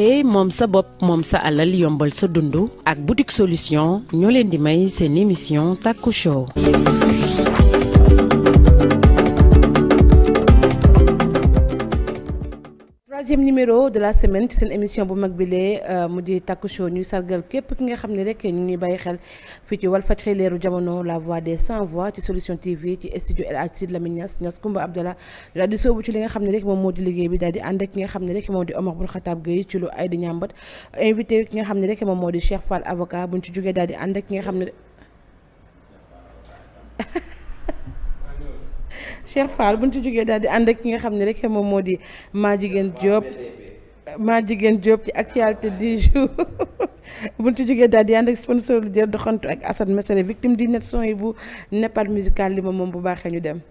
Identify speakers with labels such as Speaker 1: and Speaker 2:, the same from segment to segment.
Speaker 1: jàppee moom sa bopp moom sa alal yombal sa dund ak boutique solution ñoo leen di may seen émission Taku Show troisième numéro de la semaine seen émission bu mag bi lee euh, mu di Taku Show ñuy sargal nga xam ne rek ñu ngi bàyyi xel fii ci Walfadjri jamono la voix des sans voix ci Solution TV ci studio El Hadj Sid Lamine Niass Niass Abdallah daal di soobu ci li nga xam ne rek moom moo di liggéey bi daal di ànd ak ki nga xam ne rek moom di Omar Bun Xataab Gueye ci lu ay di ñàmbat invité ki nga xam ne rek moom moo di Cheikh Fall avocat buñ ci jógee daal di ànd ki nga xam ne Cheikh Fall bu ñu ci jógee daal di ànd ak ki nga xam ne rek moom moo di maa jigéen Diop maa jigéen Diop ci actualité du jour bu ñu ci jógee daal di ànd ak sponsor lu jër doxantu ak Assane Mesere victime di net son bu Nepal musical li moom bu baaxee ñu dem.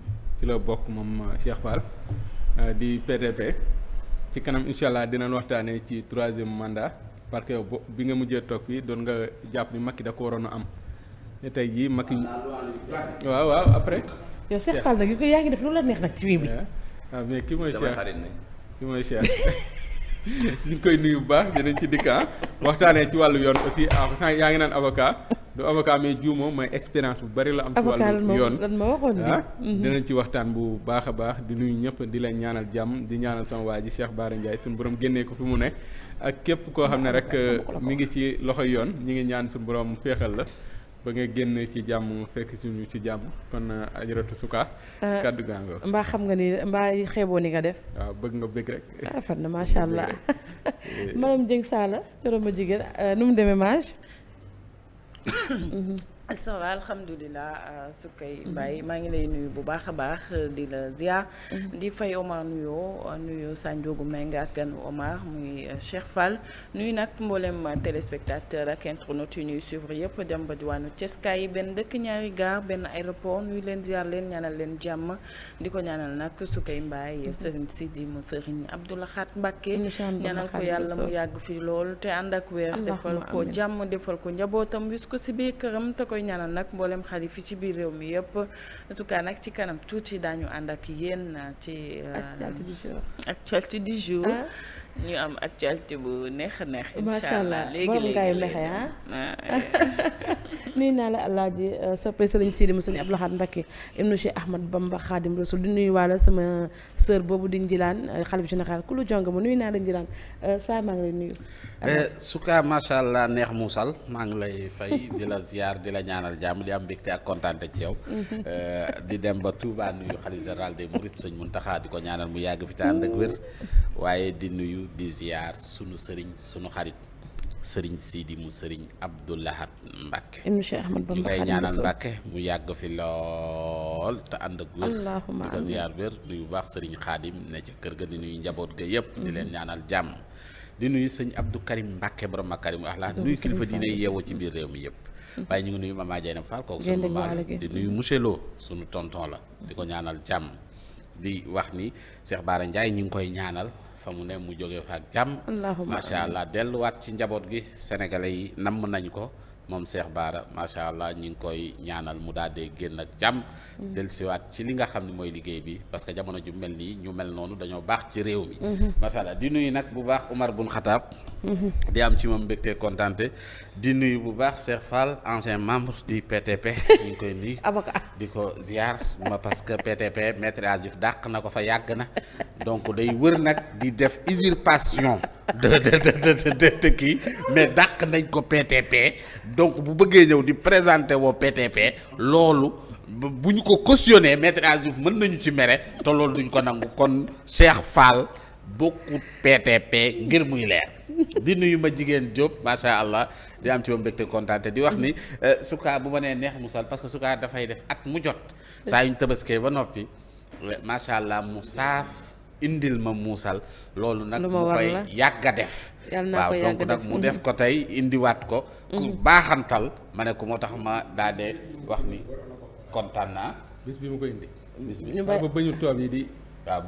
Speaker 2: ci la bokk moom euh, Cheikh euh, di PTP ci kanam incha allah dinañ waxtaanee ci troisième mandat parce que bi nga mujjee toog fii doon nga jàpp ni Macky da ko waroon a am te tey jii Macky. waaw waaw après. yow Cheikh Fall
Speaker 1: nag yaa ngi def lu la neex nag ci wii bi.
Speaker 2: waaw mais ki mooy Cheikh ki mooy Cheikh. ñu ngi koy nuyu bu baax dinañ ci dikk ah waxtaanee ci wàllu yoon aussi ah yaa ngi naan avocat du avocat mais juumoo mooy expérience bu bari la am. ci wàllu yoon avocat
Speaker 3: ah, mhm. dinañ
Speaker 2: ci waxtaan bu baax a baax di nuyu ñëpp di leen ñaanal jàmm di ñaanal sama waa ji Cheikh Bara Ndiaye suñu borom génnee ko fi mu nekk ak képp koo xam ne rek mi ngi ci loxo yoon ñu ngi ñaan suñu borom féexal la. ba nga génn ci jàmm fekk ci ci jàmm kon uh, ratu suka uh, kàddu gaango
Speaker 1: mbaa xam nga ni mbaa xeeboo ni nga def
Speaker 2: waaw bëgg nga bëgg rek rafet na macha allah
Speaker 1: maam Jëng Saala coro ma jigéen uh, nu mu demee mage mhm.
Speaker 4: ça va alhamdulilah euh, sukkay mm-hmm. Mbaye maa ngi lay nuyu bu baax a baax euh, di la ziar mm-hmm. di fay Omar nuyoo euh, nuyu Sanjoogu Meng ak gan Omar muy Cheikh Fall nuyu nag mboolem téléspectateur ak internautes yu ñuy suivre yëpp dem ba diwaanu yi benn dëkk ñaari gar benn aéroport nuyu leen ziar leen ñanal leen jàmm di ko ñaanal nag sukkay Mbaye mm-hmm. Serigne Sidi mu Serigne Abdoul Ahad Mbacké ñaanal ko yàlla mu yàgg fi lool te ànd ak weer defal ko jàmm defal ko njabootam wis ko koy ñaanal nag mboolem xalif yi ci biir réew mi yëpp en nag ci kanam tuuti daañu ànd ak yéen ci euh, actualité du jour actualité du jour ah. ñu am actualité bu neex a neex. macha allah borom ngay mexe ah.
Speaker 1: ah eh. nuyu naa la alaaji euh, soppe sëriñ Sidi Moussa Abdou Lahad Mbacké ibnu Cheikh Ahmad Bamba Khadim Rasoul di nuyu waala sama sœur boobu di njilaan euh, xalif général ku lu jong ma nuyu naa la njilaan euh, saa maa ngi lay nuyu.
Speaker 3: suka muusal maa ngi lay fay di la ziar di la ñaanal jàmm di am mbégte ak kontaante ci yow. Mhm. di dem ba Touba nuyu xalif mu des Mourides sëñ Mountakha di ko ñaanal mu yàgg fi te ànd wér waaye di nuyu. nuyu di ziar sunu sëriñ sunu xarit sëriñ Sidi mu sëriñ Abdou Lahad Mbacke.
Speaker 1: ibnu Cheikh Ahmad Bamba ngay ñaanal Mbacke
Speaker 3: mu yàgg fi lool te ànd ak wér. di ko ziar wér nuyu baax sëriñ Xaadim ne ca kër ga di nuyu njaboot ga yëpp. di mhm. leen ñaanal jàmm. di nuy sëñ Abdou Karim Mbacke borom Makarim axlaa nuyu kilifa diine yeewoo ci biir réew mi yëpp. Mhm. waaye ñu ngi nuyu Mama Jeynam Fall kooku sunu maam di nuyu mhm. monsieur sunu tonton la. di ko ñaanal jàmm di wax ni Cheikh Bara Ndiaye ñu ngi koy ñaanal. fa mu ne mu jógee fa ak jàmm macha allah delluwaat ci njaboot gi sénégalais yi namm nañ ko moom Cheikh Bara macha allah ñi ngi koy ñaanal mu daal dee génn ak jàmm mm-hmm. dellusiwaat ci li nga xam ne mooy liggéey bi parce que jamono ju mel nii ñu mel noonu dañoo baax ci réew mi mm-hmm. macha allah di nag bu baax Omar bun Xataab di am ci moom mbégte kontante di nuyu bu baax Cheikh Fall ancien membre du PTP ñu ngi koy nuyu avocat di ko ziar ma parce que PTP maître Adjouf dàq na ko fa yàgg na donc day wër nag di def usurpation
Speaker 5: de de
Speaker 3: de de kii mais dàq nañ ko PTP donc bu bëggee ñëw di présenter woo PTP loolu bu ñu ko cautionné maître Adjouf mën nañu ci mere te loolu duñ ko nangu kon Cheikh Fall bokkut PTP ngir muy leer. di nuyu ma jigéen Diop macha allah di am ci moom mbégte kontaan te di wax ni euh, sukaa bu ma nee neex musal parce que sukaa dafay def at mu jot saa yu ñu tabaskee ba noppi euh, macha allah mu saaf indil ma muusal loolu nag mu koy yàgg a def
Speaker 5: waaw donc nag mu def ko
Speaker 3: tey indiwaat ko mm-hmm. ku baaxantal ma ne ko moo tax ma daa wax ni kontaan naa bis bi mu ko indi bis bi ñu toog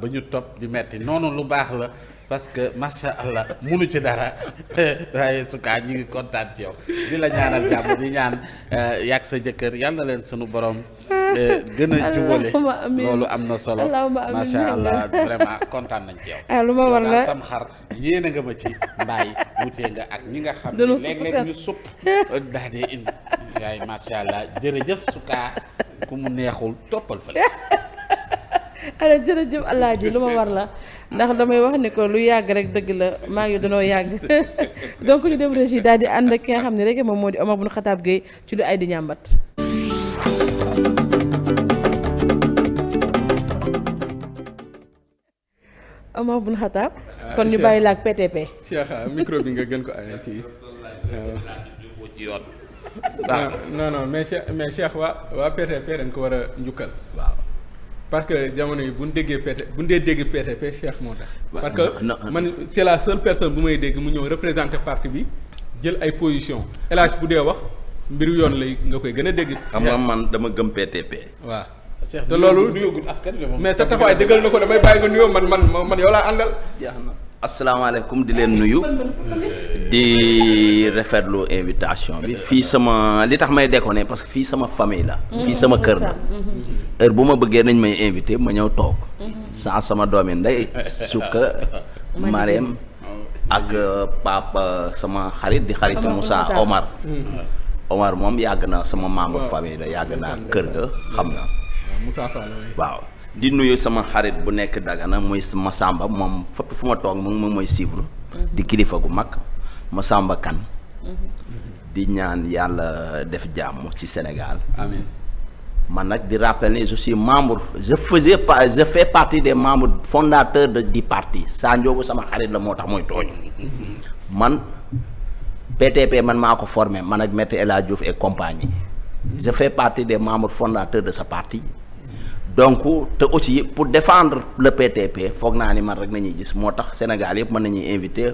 Speaker 3: ba ñu topp di metti noonu lu baax la parce que macha allah munu ci dara waaye su kaa ñu ngi kontaan ci yow di la ñaanal jàmm di ñaan eh, yàgg sa jëkkër yàlla leen sunu borom. Eh, gën a jubale loolu am na solo macha allah vraiment kontaan nañ ci yow. Ah, lu ma war la sam xar yéene nga ma ci mbaay wutee nga ak ñi nga xam ne léeg-léeg ñu supp daa dee indi waaye macha allah jërëjëf su kaa ku mu neexul toppal fële.
Speaker 1: alors jërëjëf Alaaji lu ma war la ndax damay wax ni ko lu yàgg rek dëgg la maa ngi danoo yàgg donc ñu dem régie daal di ànd ak ki nga xam ne rek moom moo di Omar Bun Xataab Gueye ci lu ay di ñàmbat Omar Bun Xataab ah, kon ñu bàyyi la ak PTP
Speaker 2: Cheikh ah, micro bi nga gën ko aye kii ah, non non mais Cheikh mais Cheikh waa waa PTP dañ ko war a njukkal parce que jamono yi bu ñu déggee PT bu ñu dee dégg PTP Cheikh moo tax. parce que man c' est la seule personne bu may dégg mu ñëw représenter parti bi jël ay position El bu dee wax mbir yoon lay nga koy gën a dégg. xam nga man
Speaker 6: dama gëm p waaw.
Speaker 7: te loolu nuyoo askan mais sa taxawaay dëggal
Speaker 2: na ko damay bàyyi nga nuyoo man man man yow laa àndal.
Speaker 7: jeex na.
Speaker 6: asalaamaaleykum di leen nuyu di rafetlu invitation bi fii sama li tax may déconné parce que fii sama famille la mhm. fii sama kër la
Speaker 5: mhm.
Speaker 6: heure bu ma bëggee nañ may invité ma ñëw toog mhm. sans sama doomi ndey sukka Marème ak euh, papa sama xarit di xarit Moussa Omar Omar moom yàgg naa sama membre famille yàgg naa kër ga xam na waaw di nuyu sama xarit bu nekk Dagana mooy ma Samba moom fépp fu ma toog moom mooy siibru mhm. di kilifa gu mag ma Samba kan mhm. di ñaan yàlla def jàmm ci Sénégal man nag di rappel ni je suis membre je faisais pas je fais partie des membres fondateurs de di parti Sa Ndiogou sama xarit la moo tax mooy tooñ mhm. man PTP man maa ko formé man ak maître El Hadj Diouf et compagnie je fais partie des membres fondateurs de sa parti donc te aussi pour defendre le PTP foog naa ni man rek nañuy gis moo tax Sénégal yëpp mën nañuy invité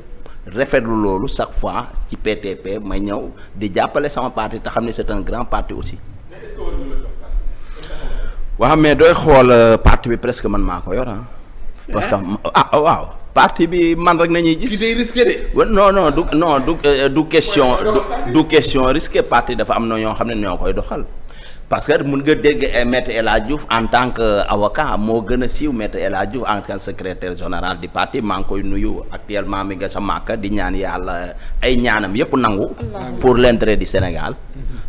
Speaker 6: rafetlu loolu chaque fois ci PTP may ñëw di jàppale sama parti te xam ne c'est un grand parti aussi. waaw mais dooy xool euh, parti bi presque man maa ko yor ah. parce que ah, ah waaw. parti bi man rek nañuy gis. ki day risqué du non du euh, du question du question risqué parti dafa am na ñoo xam ne ñoo koy doxal. parce que mun nga dégg eh, maître El Hadj Diouf en tant que avocat moo gën a siiw maître El Hadj Diouf en tant que secrétaire général du parti maa ngi koy nuyu actuellement mi nga sa màkk di ñaan yàlla ay ñaanam yépp nangu pour l'intérêt du Sénégal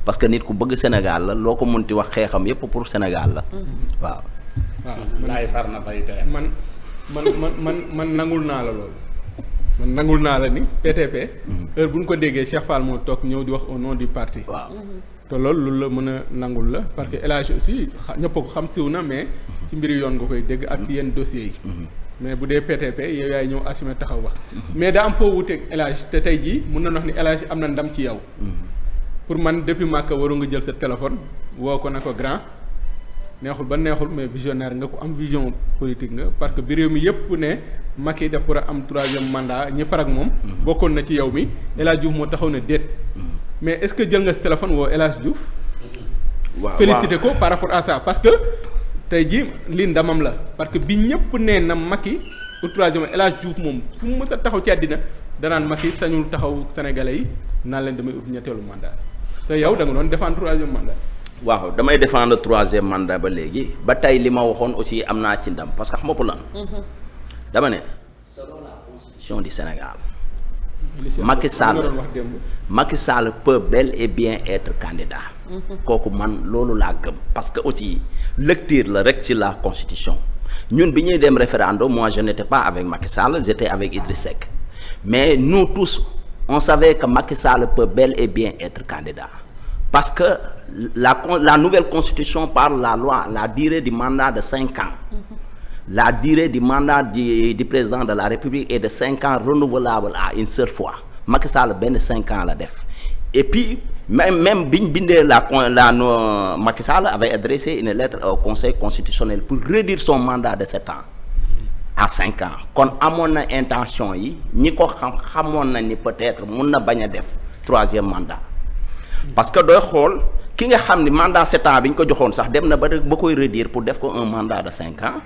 Speaker 6: parce que nit ku bëgg Sénégal la loo ko munti wax xeexam yépp pour Sénégal la
Speaker 3: waaw waaw man
Speaker 2: man man man nangul naa la loolu man nangul naa la ni PTP mm-hmm. heure bu ñu ko déggee Cheikh Fall moo toog ñëw di wax au nom du parti te loolu lu la mën a nangul la parce que El Hadj aussi ñëpp ko xam siw na mais ci mbiri yoon nga koy dégg ak ci yenn dossiers yi. Mm-hmm. mais bu dee PTP yow yaay ñëw assumer taxaw wax. mais da am foo wuuteeg El Hadj te tey jii mën na wax ni El am na ndam ci yow. Mm-hmm. pour man depuis Màkka waru nga jël sa téléphone woo ko na ko grand neexul ba neexul mais visionnaire nga ko am vision politique nga parce que bi mi yëpp ne Macky dafa war a am troisième mandat ñi farak moom. Mm-hmm. bokkoon na ci yow mi El Hadj moo taxaw ne déet. mais est-ce que jël nga téléphone woo El Hadj Diouf.
Speaker 5: Mm-hmm.
Speaker 2: ko par rapport à ça parce que tey jii lii ndamam la parce que bi ñëpp nee na Macky pour troisième El Hadj Diouf moom fu mu mës taxaw ci àddina danaan Macky sañul taxaw sénégalais yi naan leen damay ut ñetteelu mandat te yow da doon défendre troisième mandat.
Speaker 6: waaw damay défendre troisième mandat ba léegi ba tey li ma waxoon aussi am naa ci ndam parce que xam nga lan. Mm-hmm. dama ne. selon la constitution du Sénégal. Macky Sall Macky Sall peut bel et bien être candidat mhm. kooku man loolu laa gëm parce que aussi lecture la rek ci la constitution ñun bi ñuy dem référendum moi je n'étais pas avec Macky Sall j'étais avec Idriss mais nous tous on savait que Macky Sall peut bel et bien être candidat parce que la la nouvelle constitution par la loi la durée du mandat de cinq ans mhm. la durée du mandat du, du président de la République et de cinq ans renouvelable à une seule fois Macky Sall benn cinq ans la def et puis même même bi ñu bindee la la no Macky Sall avait adressé une lettre au Conseil constitutionnel pour réduire son mandat de sept ans à cinq ans kon amoon na intention yi ñi ko xam xamoon na ni peut-être mun na bañ a def troisième mandat parce que dooy xool ki nga xam ni mandat sept ans bi ñu ko joxoon sax dem na ba ba koy réduire pour def ko un mandat de cinq ans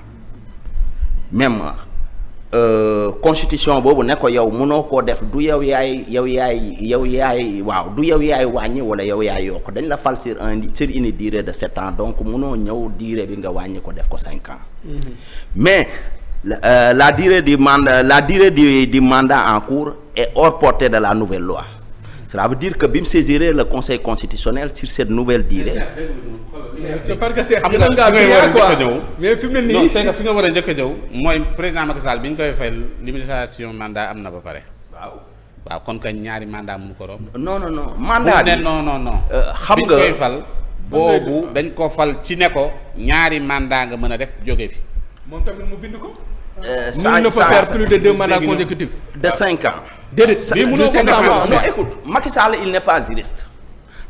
Speaker 6: même euh, constitution boobu ne ko yow mënoo koo def du yow yaay yow yaay yow yaay waaw du yow yaay wàññi wala yow yaay yokk dañ la fal sur un sur une durée de sept ans donc mënoo ñëw durée bi nga wàññi ko def ko cinq ans. Mm-hmm. mais euh, la durée du mandat la durée du di mandat en cours et hors portée de la nouvelle loi. cela veut dire que bi mu saisiree le conseil constitutionnel sur cette nouvelle durée.
Speaker 5: c'est parce que c'est xam nga fi nga war a njëkk ñëw. fi mu ne fi
Speaker 6: nga war a njëkk a mooy président
Speaker 3: Macky Sall bi ñu koy fay limitation mandat am na ba pare. waaw kon kañ ñaari mandat mu ko romb. non non mandat bi
Speaker 6: non non euh,
Speaker 3: xam nga fal. boobu dañ ko fal ci ne ko ñaari mandat nga mën a def jóge fi.
Speaker 2: moom tamit mu bind ko. saa
Speaker 6: euh, saa mën na fa faire plus de deux mandats consécutifs. de cinq ans. déedéet mais mënoo ko nga non écoute Macky Sall il n'est pas juriste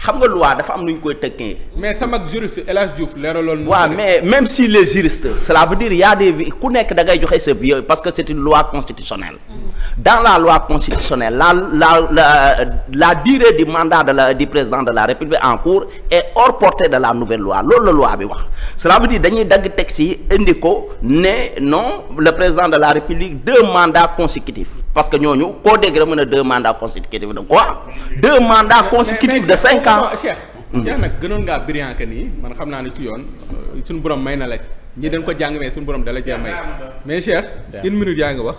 Speaker 6: xam nga loi dafa am lu ñu koy tëkkee. mais sama juriste El Hadj Diouf leeraloon. waaw mais même si les juristes cela veut dire y a ku nekk da ngay joxe sa vie parce que c'est une loi constitutionnelle. dans la loi constitutionnelle la la la la durée du mandat de la di président de la République en cours est hors portée de la nouvelle loi loolu la loi bi wax cela veut dire dañuy dagg texte yi indi ko ne non le président de la République deux mandats consécutifs. parce que ñooñu koo dégg mën a deux mandats consécutifs de quoi deux mandats consécutifs de cinq ans
Speaker 2: hmm. Cheikh nag gënoon ngaa brillant nii man xam naa ne ci yoon euh, suñu borom may na la ci ñi dañ ko jàng mais suñu borom dala cee may
Speaker 5: mais Cheikh une
Speaker 2: minute yaa ngi wax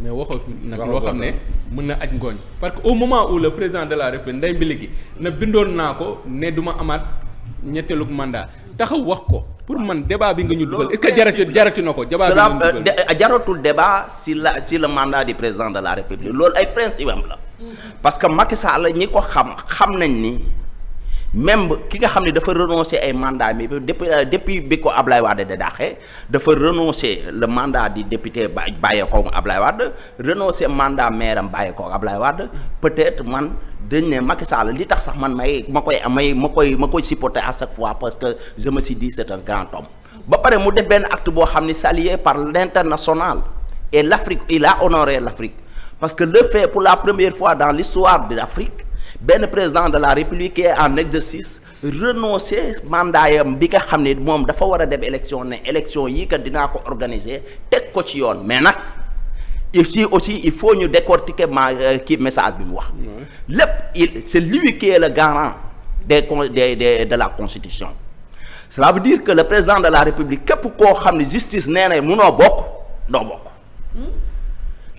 Speaker 2: mais waxoo nag loo xam ne mën na aj ngooñ parce que au moment où la président de la république nday mbi gi na bindoon naa ko ne duma amaat ñetteelu mandat taxaw wax ko pour man débat bi nga ñu dugal est-ce que jarati na ko. débat bi
Speaker 6: jaratul débat si la si le mandat du président de la république loolu ay principe am la.
Speaker 3: Mm.
Speaker 6: parce que Macky Sall ñi ko xam xam nañ ni. même ki nga xam ne dafa renoncer ay mandat mais depuis euh, depuis bi ko Ablaye Wade da daaxee dafa renoncer le mandat di député ba bàyyee ko Ablaye Wade renoncer mandat maire am ab ko Ablaye Wade peut-être man dañ ne Macky Sall li tax sax man may ma koy may ma koy ma koy supporter à chaque fois parce que je me suis dit c'est un grand homme ba pare mu def benn act boo xam ne salué par l'international et l'Afrique il a honoré l'Afrique parce que le fait pour fois dans l'histoire de l'Afrique benn président de la république qui est en exercice renoncer mandaayam bi nga xam ne moom dafa war a dem élection ne élection yii kat dinaa ko organiser teg ko ci yoon mais nag il ici aussi il faut ñu décortiquer ma euh, kii message bi mu wax lépp il c'est lui qui est le garant des des des de la constitution cela veut dire que le président de la république képp koo xam ne justice nee na munoo bokk doo bokk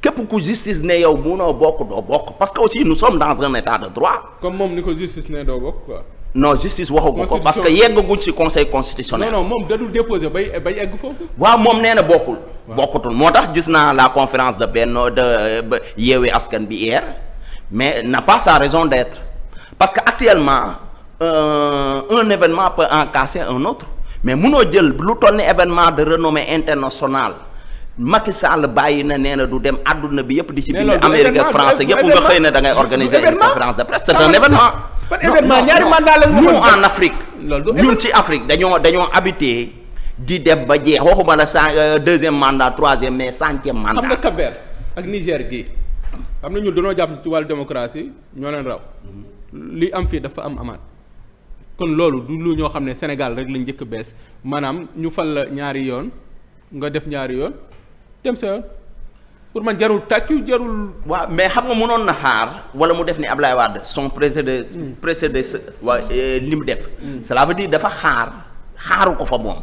Speaker 6: képp ku justice ne yow munoo bokk doo bokk parce que aussi nous sommes dans un état de droit.
Speaker 2: comme moom ni justice ne ko
Speaker 6: parce que yegg yeggaguñ ci conseil constitutionnel.
Speaker 2: moom dadul déposé bay bay egg foofu.
Speaker 6: waaw moom nee na bokkul. bokkutul moo tax gis naa la conférence de Benno de Yewwi Askan bi hier mais n'a pas sa raison d'être parce que actuellement euh, un événement peut en casser un autre mais munoo jël lu toll ni événement de renommée international Macky Sall bàyyi na nee na du dem àdduna bi yëpp di ci bind Amérique ak France yëpp nga xëy na da ngay organiser une conférence de presse c'est un événement événement ñaari mandat la ñu en Afrique ñun ci Afrique dañoo dañoo habité di dem ba jeex waxuma la cent euh, deuxième mandat troisième mais centième mandat xam nga
Speaker 2: Cap Vert ak Niger gii xam na ñun dañoo jàpp ci wàllu démocratie ñoo leen raw li am fii dafa am amaat kon loolu du lu ñoo xam ne Sénégal rek lañ njëkk bees maanaam ñu fal la ñaari yoon nga def ñaari yoon dem sa yoon
Speaker 6: pour man jarul tàccu jarul. waaw mais xam nga mënoon na xaar wala mu def ni ab Wade son précédé hmm. précédé wa euh, li mu def. Hmm. cela veut dire dafa xaar xaaru ko fa moom.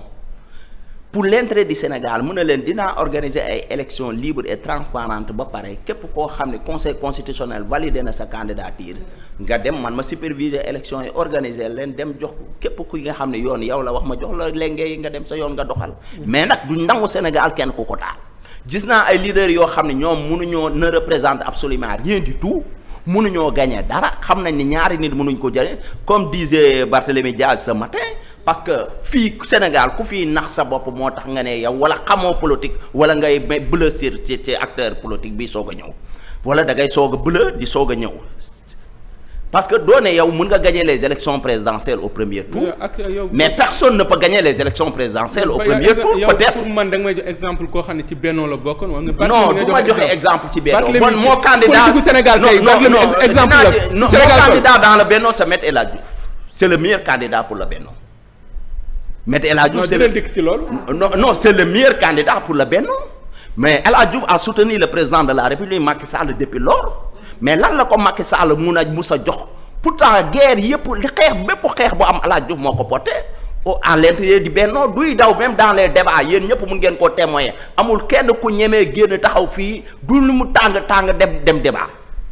Speaker 6: pour l'intérêt du Sénégal mën na leen dinaa organiser ay élections libres et transparentes ba pare képp koo xam ne conseil constitutionnel validé na sa candidature nga dem man ma superviser élections yi organiser leen dem jox képp ku nga xam ne yoon yow la wax ma jox la léeg nga dem sa yoon nga doxal. Hmm. mais nag du nangu Sénégal kenn ku ko daal gis naa ay leaders yoo xam ne ñoom munuñoo ne représente absolument rien di tout munuñoo gañee dara xam nañ ni ñaari nit mënuñ ko jëlee comme disait Barthélémy Diaz sa matin parce que fii Sénégal ku fii nax sa bopp moo tax nga ne yow wala xamoo politique wala ngay blessir ci ci acteur politique bi soog a ñëw wala da ngay soog a bleu di soog a ñëw parce que doo ne yow mën nga gagner les élections présidentielles au premier tour mais personne ne peut gagner les élections présidentielles au premier tour peut-être
Speaker 2: man da nga exemple koo xam ne ci Benno la bokkoon non
Speaker 6: du ma ci Benno man moo candidat Sénégal non non moo dans le Benno c'est Maître El Hadji Diouf le meilleur candidat pour le Benno Maître El Hadji Diouf le dikk candidat pour le Benno mais El Hadji Diouf a soutenu le président de la République Macky Sall depuis lors mais lan la ko Macky Sall mun a mu sa jox pour guerre yëpp li xeex bépp xeex bu am Alaaji Diouf moo ko porté à l'intérieur du Benno duy daw même dans les débats yéen ñëpp mun ngeen koo témoigner amul kenn ku ñemee génn taxaw fii du lu mu tàng tàng dem dem débat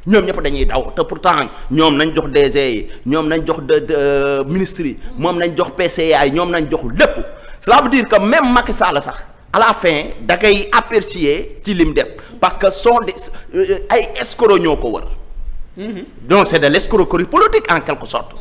Speaker 6: ñoom ñëpp dañuy daw te pour pourtant ñoom nañ jox DG yi ñoom nañ jox euh, ministre yi moom nañ jox PCA yi ñoom nañ jox lépp cela veut dire que même Macky Sall sax. à la fin da koy apprécier ci lim def parce que sont de euh, ay escrocs ñoo ko wër mhm. donc c'est de l'escroquerie politique en quelque sorte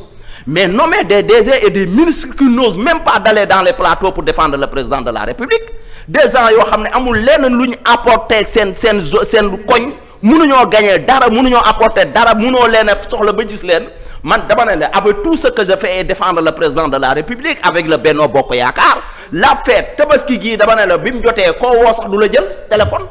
Speaker 6: mais nommer de DG et des ministres qui n'osent même pas d'aller dans les plateaux pour défendre le président de la République des gens yoo xam ne amul lenn lu ñu apporter seen seen seen koñ mënuñoo gagner dara mënuñoo apporter dara munoo leen soxla ba gis leen man dama ne la avec tout ce que je fais est défendre le président de la république avec le Benno Bokk Yaakaar la fête tabaski gii dama ne la bi mu jotee koo woo sax du la jël téléphone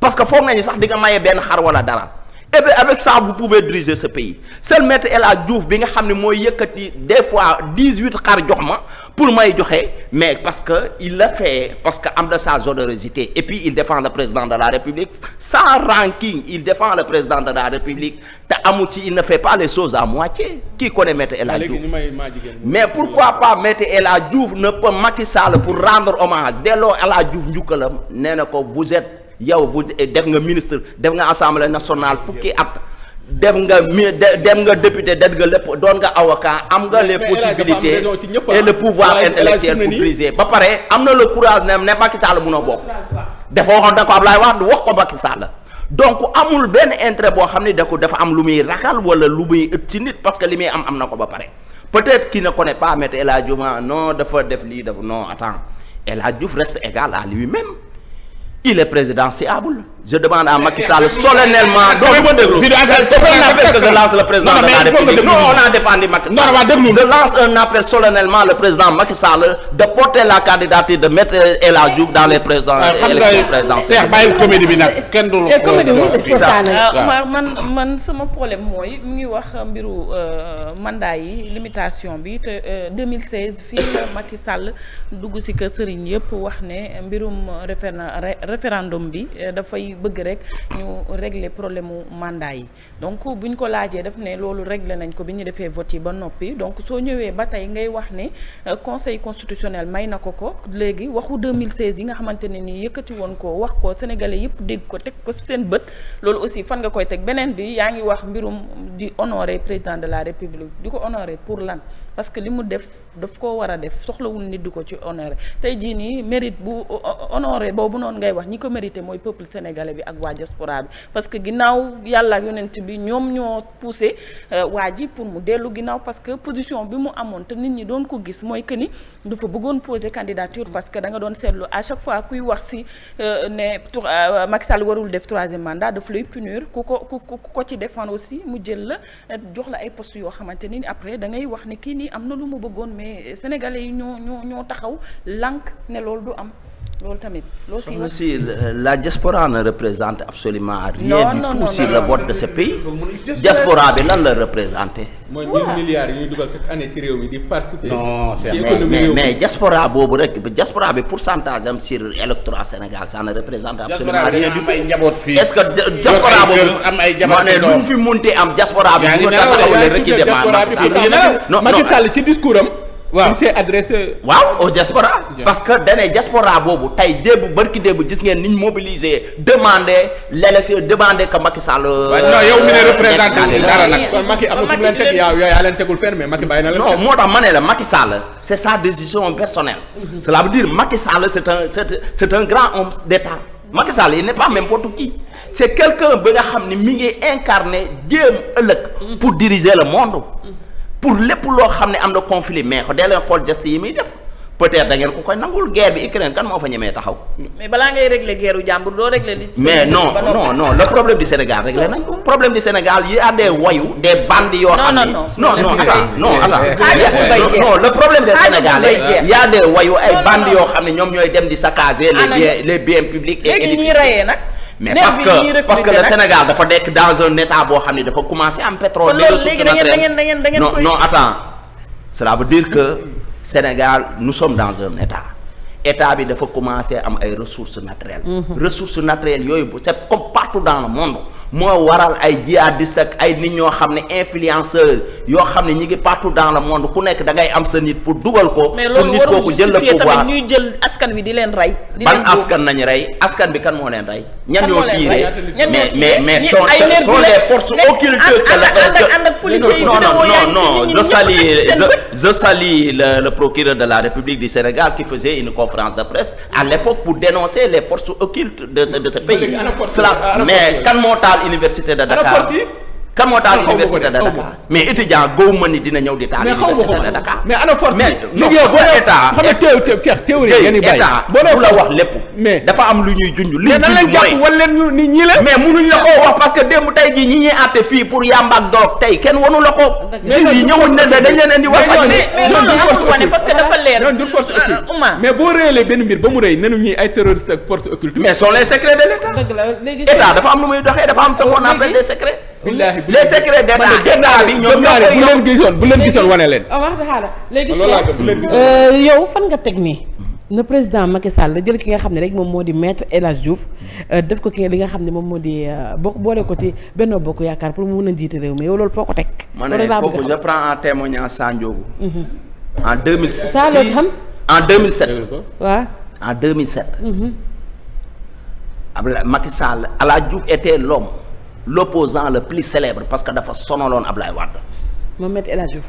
Speaker 6: parce que foog nañu sax di nga maye benn xar wala dara et bien avec ça vous pouvez diriger ce pays seul maître El Hadj bi nga xam ne mooy yëkkati des fois dix huit xar jox ma pour may joxe mais parce que il l'a fait parce que am na sa générosité et puis il défend le président de la république sans ranking il défend le président de la république te amu ci il ne fait pas les choses à moitié qui connaît maître El Hadj Diouf mais pourquoi pas maître El Hadj Diouf ne peut pour rendre hommage delloo El Hadj Diouf njukkalam nee na ko vous yow bu def nga ministre def nga assemblée national fukki at def nga mi dem nga député def lépp doon nga avocat am nga les possibilités ah. et le pouvoir intellectuel pour ba pare am na le courage ne ne Macky Sall munoo bokk dafa waxoon da ko Ablaye wax du wax ko Macky Sall donc amul benn intérêt boo xam ne da ko dafa am lu muy ragal wala lu muy ëpp ci nit parce que li muy am am na ko ba pare peut-être qui ne ko pas Maître El Hadji Diouf ah, non dafa def lii dafa non attends El Hadji Diouf reste égal à il est présidentiable je demande à Macky Sall solennellement. doo déglu c'est un appel que je lance le président de la République non on a défendu Macky Sall je lance un appel solennellement le président Macky Sall de porter la candidature de maître El Hadj Diouf dans les présidents ah, élections présidentielles. Cheikh bàyyil
Speaker 3: comédie bi nag kenn du la. Eh, comédie ah, ah.
Speaker 4: man man sama problème mooy mu ngi wax mbiru euh, mandat yi limitation bi te 2016 euh, fii Macky Sall dugg si kër Serigne yëpp wax ne mbirum euh, référendum référendum bi euh, dafay bëgg rek ñu régle problème mu mandat yi donc bu ñu ko laajee daf ne loolu régler nañ ko bi ñu defee vote yi ba noppi donc soo ñëwee ba tey ngay wax ne euh, conseil constitutionnel may na ko ko léegi waxu 2016 yi nga xamante ne nii yëkkati woon ko wax ko sénégalais yëpp dégg ko teg ko seen bët loolu aussi fan nga koy teg beneen bi yaa ngi wax mbirum di honorer président de la république di ko honorer pour lan parce que li mu def daf koo war a def soxlawul nit di ko ci honoré tey jii nii mérite bu honoré boobu noonu ngay wax ñi ko mérité mooy peuple sénégalais bi ak waa diaspora bi parce que ginnaaw yàlla ak yonent bi ñoom ñoo poussé euh, waa ji pour mu dellu ginnaaw parce que position bi mu amoon te nit ñi doon ko gis mooy que ni dafa bëggoon projet candidature parce que da nga doon seetlu à chaque fois kuy wax si euh, ne euh, Macky Sall warul def troisième mandat daf lay ku ko ku ko ci défendre aussi mu jël la jox la ay postes yoo xamante am na lu ma bëggoon mais sénégalais yi ñoo ñoo ñoo taxaw lànk ne loolu du am loolu tamit loo siy wax si
Speaker 6: la diaspora ne représente absolument rien du tout sur le vote de ce pays. diaspora bi lan la représenté.
Speaker 2: ci réew mi di participer. non c'est mais mais
Speaker 6: diaspora boobu rek diaspora bi pourcentage am sur électorat Sénégal ça ne représente absolument rien du tout. est-ce que diaspora boobu am ay jabar fii moo ne lu fi munti am diaspora bi. yaa ngi mel rek yaa ngi mel rek Macky Sall ci eh. discours am. waaw s'est adressé. waaw au diaspora. parce que danee diaspora boobu tey démb barki démb gis ngeen niñ mobiliser demander l'électeur demander que Macky Sall. waaw euh, non yow mi ne représenté wu dara nag. kon Macky amul fu mu leen teg yaa yaa leen tegul fenn mais Macky bàyyi na leen. ma ne la Macky Sall c' est sa décision personnelle. Mhm. cela veut dire Macky Sall c' un grand homme d' état. Macky Sall il n' est pas n'importe quelqu'un ba nga xam ni mi ngi incarné jéem ëllëg. Mhm. pour diriger le monde. Mhm. pour lépp loo xam ne am na conflit mais ko dee leen xool geste yi muy def peut-être da ngeen ko koy nangul guerre bi Ukraine kan moo fa ñemee taxaw.
Speaker 4: mais balaa ngay régler guerre jàmbur doo régler li.
Speaker 6: mais non non non le problème du Sénégal réglé nañ ko problème du Sénégal yi a des voyous des bandes yoo. xam ne non non non non non le problème des Sénégalais y a des ay band yoo xam ne ñoom ñooy dem di saccager les biens les biens publics et édifices léegi
Speaker 4: nag. mais parce que parce que le Sénégal
Speaker 6: dafa dekk dans un état boo xam ne dafa commencé am pétrole. des ressources naturelles non non attends cela veut dire que Sénégal nous sommes dans un état état bi dafa commencé am ay ressources naturelles. Mm-hmm. ressources naturelles yooyu c'est comme partout dans le monde. moo waral ay jihadiste ak ay nit ñoo xam ne influenceurs yoo xam ne ñi ngi partout dans le monde ku nekk da ngay am sa nit pour dugal ko. pour nit kooku jël la pouvoir mais loolu ñuy
Speaker 4: jël askan wi di leen rey. di
Speaker 6: leen ban askan nañu rey askan bi kan moo leen rey. ñan ñoo tiiree mais mais mais sont sont les forces occultes que la non non le le procureur de la République du Sénégal qui faisait une conférence de presse à l'époque pour dénoncer les forces occultes de de pays. cela mais kan moo taal Université de Dakar kan moo taal université de Dakar mais étudiant góob ma ni dina ñëw di taal. université de Dakar mais ana force mais non état xam nga teew teew ceex théorie ngeen di bàyyi état bu la wax lépp. mais dafa am lu ñuy junj. li ñu junj mooy jàpp wala ñu ni ñii la. mais munuñ la koo wax parce que démb tey jii ñi ñuy àtte fii pour yàmba ak dorog tey kenn wanu la ko. dëgg yi ñëwoon ne dañ leen indi wax. mais mais loolu amul wane parce que dafa leer. non du force
Speaker 2: euh, occulte mais boo réelee benn mbir ba mu rëy nenu ñuy ay terroriste ak force occulte. mais sont les secrets de l'
Speaker 1: état. état dafa
Speaker 6: am lu muy doxee dafa am ce qu'on appelle des secrets. billahi les secrets d'état
Speaker 8: d'état
Speaker 2: bi ñoom ñaari bu leen gisoon bu leen gisoon wane leen.
Speaker 1: Oh, waaw xaaral euh, yow fan nga teg nii. na président Macky Sall la jël ki nga xam ne rek moom moo di maître El Hadj Diouf euh, def ko ki li nga xam ne moom moo di euh, bokk boole ko ci Benno Bokk Yaakaar pour mu mën a jiite mi loolu foo ko teg. ma ne kooku je
Speaker 6: prends en témoignage Sandiogou. Mhm. en 2007. saa loo xam en 2007. waaw en 2007. Mhm. Abdoulaye Macky Sall El Hadj Diouf était l'homme l'opposant le plus célèbre parce que dafa sonaloon Ablaye Wade.
Speaker 1: Mohamed El Hadj waaw.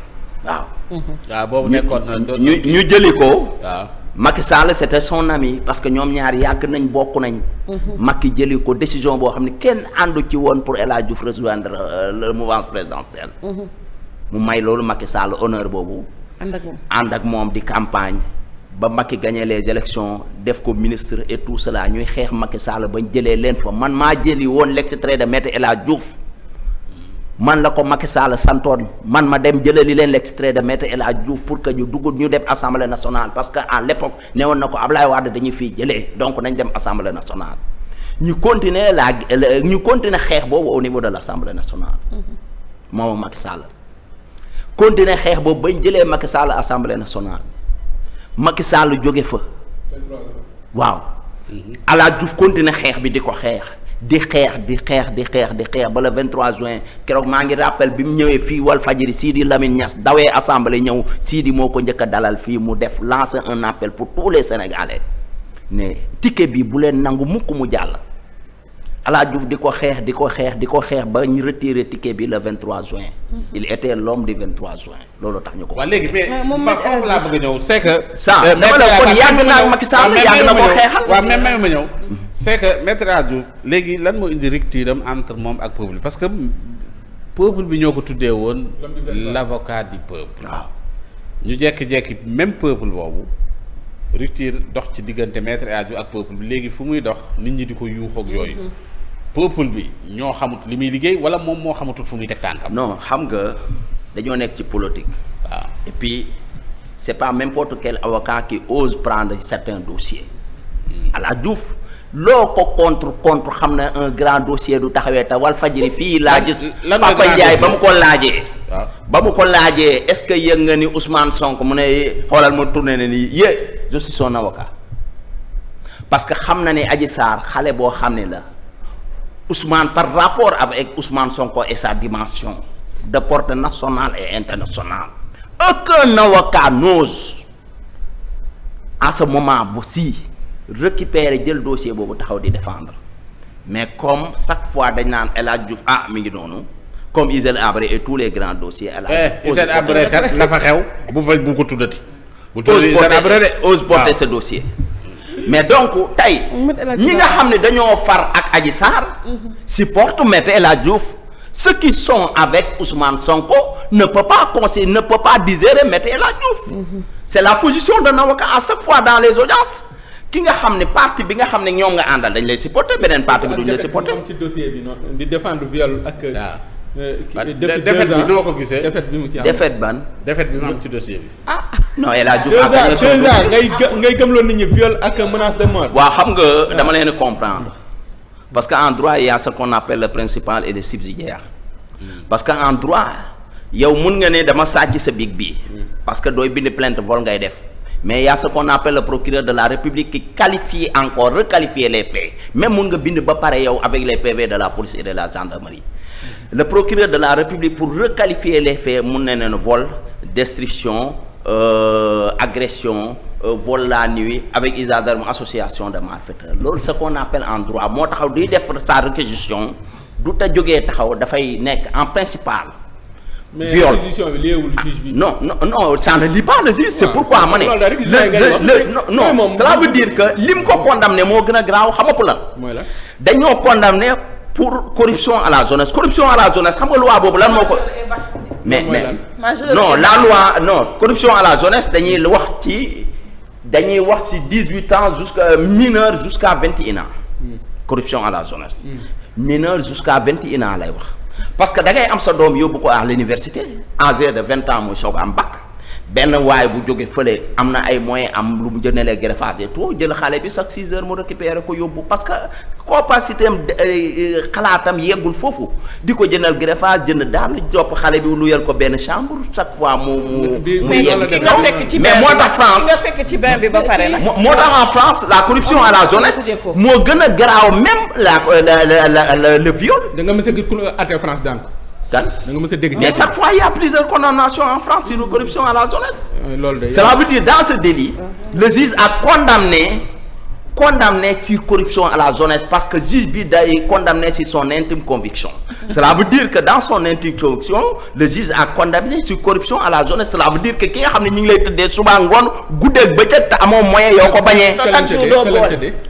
Speaker 6: waaw mm-hmm. ah, boobu nekkoon na ñu ñu jëli ko. waaw ah. Macky Sall c'était son ami parce que ñoom ñaar yàgg nañ bokk nañ. Mm-hmm. Macky jëli ko décision boo xam ne kenn àndu ci woon pour El Hadj Diouf rejoindre euh, le mouvance présidentielle. Mm-hmm. mu may loolu Macky Sall honneur boobu. ànd ak moom ànd ak moom di campagne. ba Macky gagné les élections def ko ministre et tout cela ñuy xeex Macky ba bañ jëlee leen fa man maa jëli woon l'extrait de Maître El la Diouf man la ko Macky Sall santoon man ma dem jëlali leen l'extrait de Maître El Hadj Diouf pour que ñu dugg ñu dem assemblée nationale parce que à l'époque ne woon na ko Ablaye Wade dañu fi jëlee donc nañ dem assemblée nationale ñu continuer la ñu continuer xeex boobu au niveau de l'assemblée nationale
Speaker 5: mm-hmm.
Speaker 6: moom Macky Sall continuer xeex boobu bañ jëlee Macky Sall assemblée nationale Macky Sall jóge fa waaw Alaa Diouf continué xeex bi di ko xeex di xeex di xeex di xeex di xeex ba le juin keroog maa ngi rappel bi mu ñëwee fii wal fajiri Sidi Lamine Niass dawee assemblée ñëw Sidi moo ko njëkk dalal fii mu def lancer un appel pour tous les Sénégalais ne ticket bi bu leen nangu mukk mu jàll Ala Diouf di ko xeex di ko xeex di ko xeex ba ñu retiré ticket bi le 23 juin. Mhm. il était di du 23 juin loolu tax ñu ko. waaw léegi mais
Speaker 3: ma foofu
Speaker 6: laa ñëw c'est que. Euh, naa Macky Sall yàgg na koo xeexal. waaw même même ma ñëw. Mhm.
Speaker 3: c'est que maître léegi lan moo indi rupture am entre moom ak peuple parce que peuple bi ñoo ko tuddee woon. l'avocat du peuple. waaw ñu jékki-jékki même peuple boobu. rupture dox ci diggante maître Ala ak peuple bi léegi fu muy dox nit ñi di ko yuuxook yooyu.
Speaker 5: Mhm.
Speaker 6: peuple bi ñoo xamut li muy liggéey wala moom moo xamatut fu muy teg tànkam. non xam nga dañoo nekk ci politique. waaw et puis c'est pas n'importe quel avocat qui ose prendre certains dossiers. Hmm. ala loo ko contre contre xam na un grand dossier du taxawee te Walfadjri fii laa gis. lan Papa ba mu ko laajee. ba mu ko laajee est-ce que yëg nga ni Ousmane Sonko mu ne xoolal ma tourné ne ni yé je suis avocat parce que xam na ni Adji Sarr xale boo xam ne la. Ousmane par rapport avec Ousmane Sonko a sa dimension de portée nationale et internationale aucun avocat n'ose à ce moment bu si récupérer jël dossier boobu taxaw di défendre mais comme chaque fois dañ naan El Hadj Diouf ah mi ngi noonu comme Hissène Habré et tous les grands dossiers. El Hadj eh, fa xew. bu fa bu ko tuddati. bu tuddati Hissène Habré de ose porter ce dossier. mais donc tey
Speaker 3: ñi nga xam ne
Speaker 6: dañoo far ak aji Sarr mhm. supporte Maître El Hadji Diouf ceux qui sont avec Ousmane Sonko ne peut pas conseiller ne peut pas désirer Maître El Hadji mhm. c'est la position d'un avocat à chaque fois dans les audiences ki nga xam ne parti bi nga xam ne ñoom nga àndal dañ lay supporter beneen parti bi duñ lay supporter
Speaker 2: ci dossier bi noonu di défendre Euh, défaite bi noo ko
Speaker 3: gisee défaite bi mu ci am défaite ban. défaite bi mu ci dossier bi. ah
Speaker 6: non El Hadj Diouf après. déjà ngay ngay gëmloo nit ñi viol ak menace de mort. waaw xam nga ah. dama leen comprendre parce que en droit il y a le principal et le subsidiaire hmm. parce que en droit yow mun nga ne dama sàcc sa big bii. Hmm. parce que dooy bind plainte vol ngay def. mais y' a ce qu'on procureur de la république qui qualifie encore requalifie les faits même mun nga bind ba pare yow avec les PV de la police de la gendarmerie le procureur de la République pour requalifier les faits mun na leen vol destruction euh, agression euh, vol la nuit avec usage association de malfaiteurs loolu ce qu'on en droit moo taxaw duy def sa réquisition du te jógee taxaw dafay nekk en principal. mais viol ah, non non non ça ne lie pas le juge. c'est ah, pourquoi ma ne. le non non. cela veut dire que lim ko condamné moo gën a graaw xamatu la. dañoo condamné. pour corruption à la jeunesse corruption à la jeunesse xam nga loi boobu lan moo ko. mais mais
Speaker 4: non la loi
Speaker 6: non corruption à la jeunesse dañuy wax ci dañuy wax si dix huit ans jusqu'à euh, mineur jusqu'à vingt et un ans. Hmm. corruption à la jeunesse. Hmm. mineur jusqu'à vingt et un ans lay wax. parce que da am sa doom yóbbu ko à l'université âgé de vingt ans muy soog am bac. benn waay bu jógee fële am na ay moyens am lu mu jëndalee greffage et tout jël xale bi chaque six heures mu récupéré ko yóbbu parce que capacité am euh, euh, xalaatam yeggul foofu di ko jëndal greffage jënd daal jopp xale bi lu yal ko benn chambre chaque fois mu mu mu yegg ci mais moo tax France nga
Speaker 1: fekk ci bain
Speaker 4: bi ba pare nag moo tax en France la corruption à la jeunesse moo
Speaker 6: gën a garaaw même euh,
Speaker 2: la la la le viol da nga mën a tëgg ku France daan kan da a dégg mais chaque fois
Speaker 6: il a plusieurs condamnations en France sur une corruption à la jeunesse. Euh, loolu de cela veut dire dans ce délit le juge a condamné condamné sur corruption à la jeunesse parce que juge bi day condamné si son intime conviction. cela veut dire que dans son intime conviction le juge a condamné sur corruption à la jeunesse cela veut dire que ki nga xam ne ñu ngi lay tëddee suba ngoon guddeeg bëccëg te amoo moyen yoo ko bañee.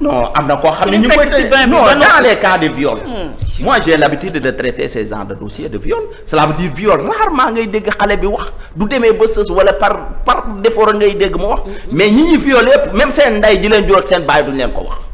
Speaker 6: non am na koo xam ne ñu koy tey non dans les cas de viol
Speaker 5: hmm.
Speaker 6: moi j'ai l'habitude de traiter ces genres de dossiers de viol cela veut dire viol rarement ngay dégg xale bi wax du demee ba sës wala par par défaut ngay dégg mu wax hmm. mais ñi ñu viol yëpp même seen ndey ji leen juróot seen bàyyi duñ leen ko wax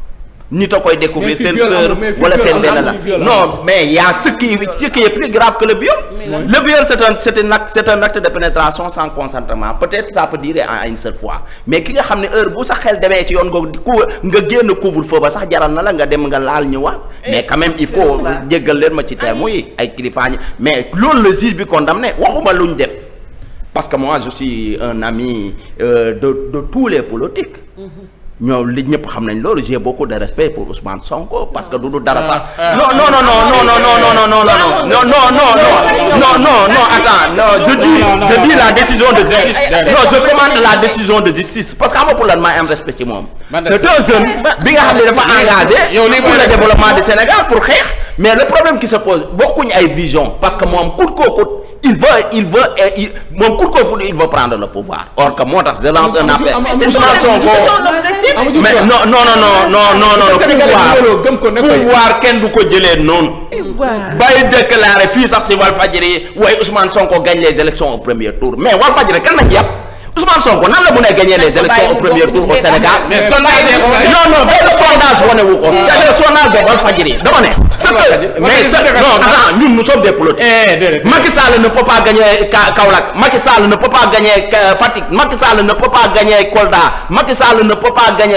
Speaker 6: nit a koy découvrir seen sœur wala seen benn la non mais y a ce qui ce qui est plus grave que le viol le viol c'est un c'est un acte c'est de pénétration sans consentement peut-être ça peut durer à une seule fois mais ki nga xam ne heure bu sa xel demee ci yoon nga ku nga génn couvre-feu ba sax jaral na la nga dem nga laal ñëwaat eh, mais quand même il faut jéggal leen ma ci terme yi ay kilifa ñi mais loolu le juge bi condamné waxuma luñ def parce que moi je suis un ami euh, de de tous les politiques mm-hmm. ñoo li ñëpp xam nañ loolu j'ai beaucoup de respect pour Ousmane Sonko parce que du du dara sax non non non non non non non non non non non non non non attends non je dis la décision de justice non je décision de justice parce que xam nga pour lan maa am respect ci moom c'est un jeune bi nga xam ne dafa engagé pour le développement du Sénégal pour xeex mais le problème ki sa pose bokkuñ ay vision parce que moom coûte que coûte il veut il veut et moom ku ko fu il veut prendre le pouvoir or que moo tax je lance un appel. Ousmane Sonko mais non non non non non non
Speaker 2: pouvoir
Speaker 4: pouvoir
Speaker 6: kenn du ko jëlee noonu. bàyyi déclaré fii sax si Walfadjri waaye Ousmane Sonko gagne les élections au premier tour mais Walfadjri kan lañ yàpp. Ousmane Sonko nan la mën a gagner les élections au premier tour au Sénégal. mais sondage yi non non benn sondage wane wu ko. Ah. c'est le sondage dama ne. sa non attends ñun nous sommes des politiques. Eh, Macky Sall ne peut pas gagner Kaolack Macky Sall ne peut pas gagner euh, Fatick Macky Sall ne peut pas gagner Kolda Macky Sall ne peut pas ne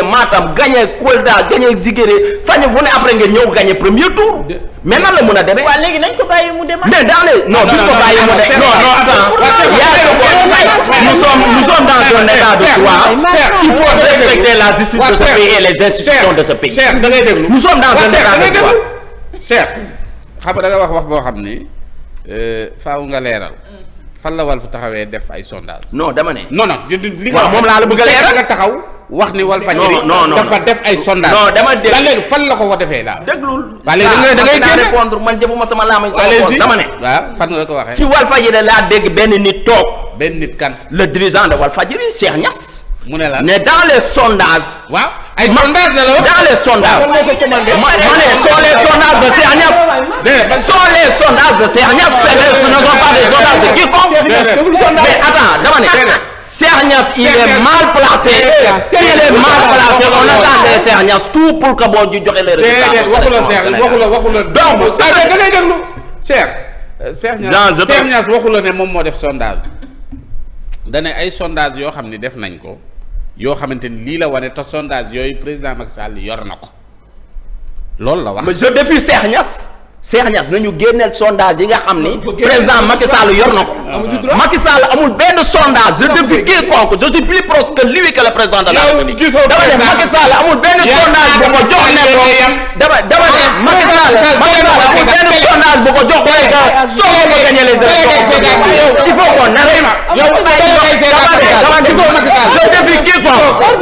Speaker 6: après nga ñëw gagner premier tour. mais nan la mën a demee. waaw
Speaker 4: léegi nañ ko bàyyi mu demee. mais dans les non duñ ko bàyyi mu demee non non attends. nous sommes nous sommes dans un état de
Speaker 6: droit. il faut respecter la justice de ce pays et les institutions de ce pays. Cheikh da ngay déglu nous sommes dans un état de droit.
Speaker 3: Cheikh xam nga da nga wax wax boo xam ni euh, faaw nga leeral. fan la Walf taxawee def ay sondage
Speaker 6: non dama ne. non non li nga moom laa la bëgg a leeral
Speaker 3: nga taxaw. wax ni Walfadjri dafa def ay sondage non dama dégg léegi fan la ko ko defee daal
Speaker 6: déglul waa léegi ah, da ngay génn répondre man jëfuma sama laamañ sama dama ne waaw fan nga ko waxee ci Walfadjri laa dégg benn nit toog benn nit kan le dirigeant de Walfadjri Cheikh Niass mu ne la ne dans les sondages waaw ay sondage la la dans les sondages ma ne sont les sondages de Cheikh Niass sont les sondages de Cheikh Niass ce ne sont pas des sondages de quiconque mais attends dama ne Cheikh Niass il est mal placé. il est mal placé on attendait Cheikh Niass tout pour que boo joxe les résultats. waxu
Speaker 3: ne moom moo def sondage. dane ay sondage yoo xam ne def nañ ko yoo xamante ni lii la wane te sondage yooyu président Macky Sall yor na ko loolu la
Speaker 6: wax. mais je défie Cheikh Cheikh Niass nañu génneel sondage yi nga xam ni président Macky Sall yor na ko Macky Sall amul benn sondage je défie quiconque je suis plus proche que lui que le président de la République dama ne Macky Sall amul benn sondage bu ko jox ne dama dama
Speaker 9: ne Macky Sall Macky Sall amul benn sondage bu ko jox ne que soo ko gagné les élections il faut qu'on
Speaker 1: arrête je défie quiconque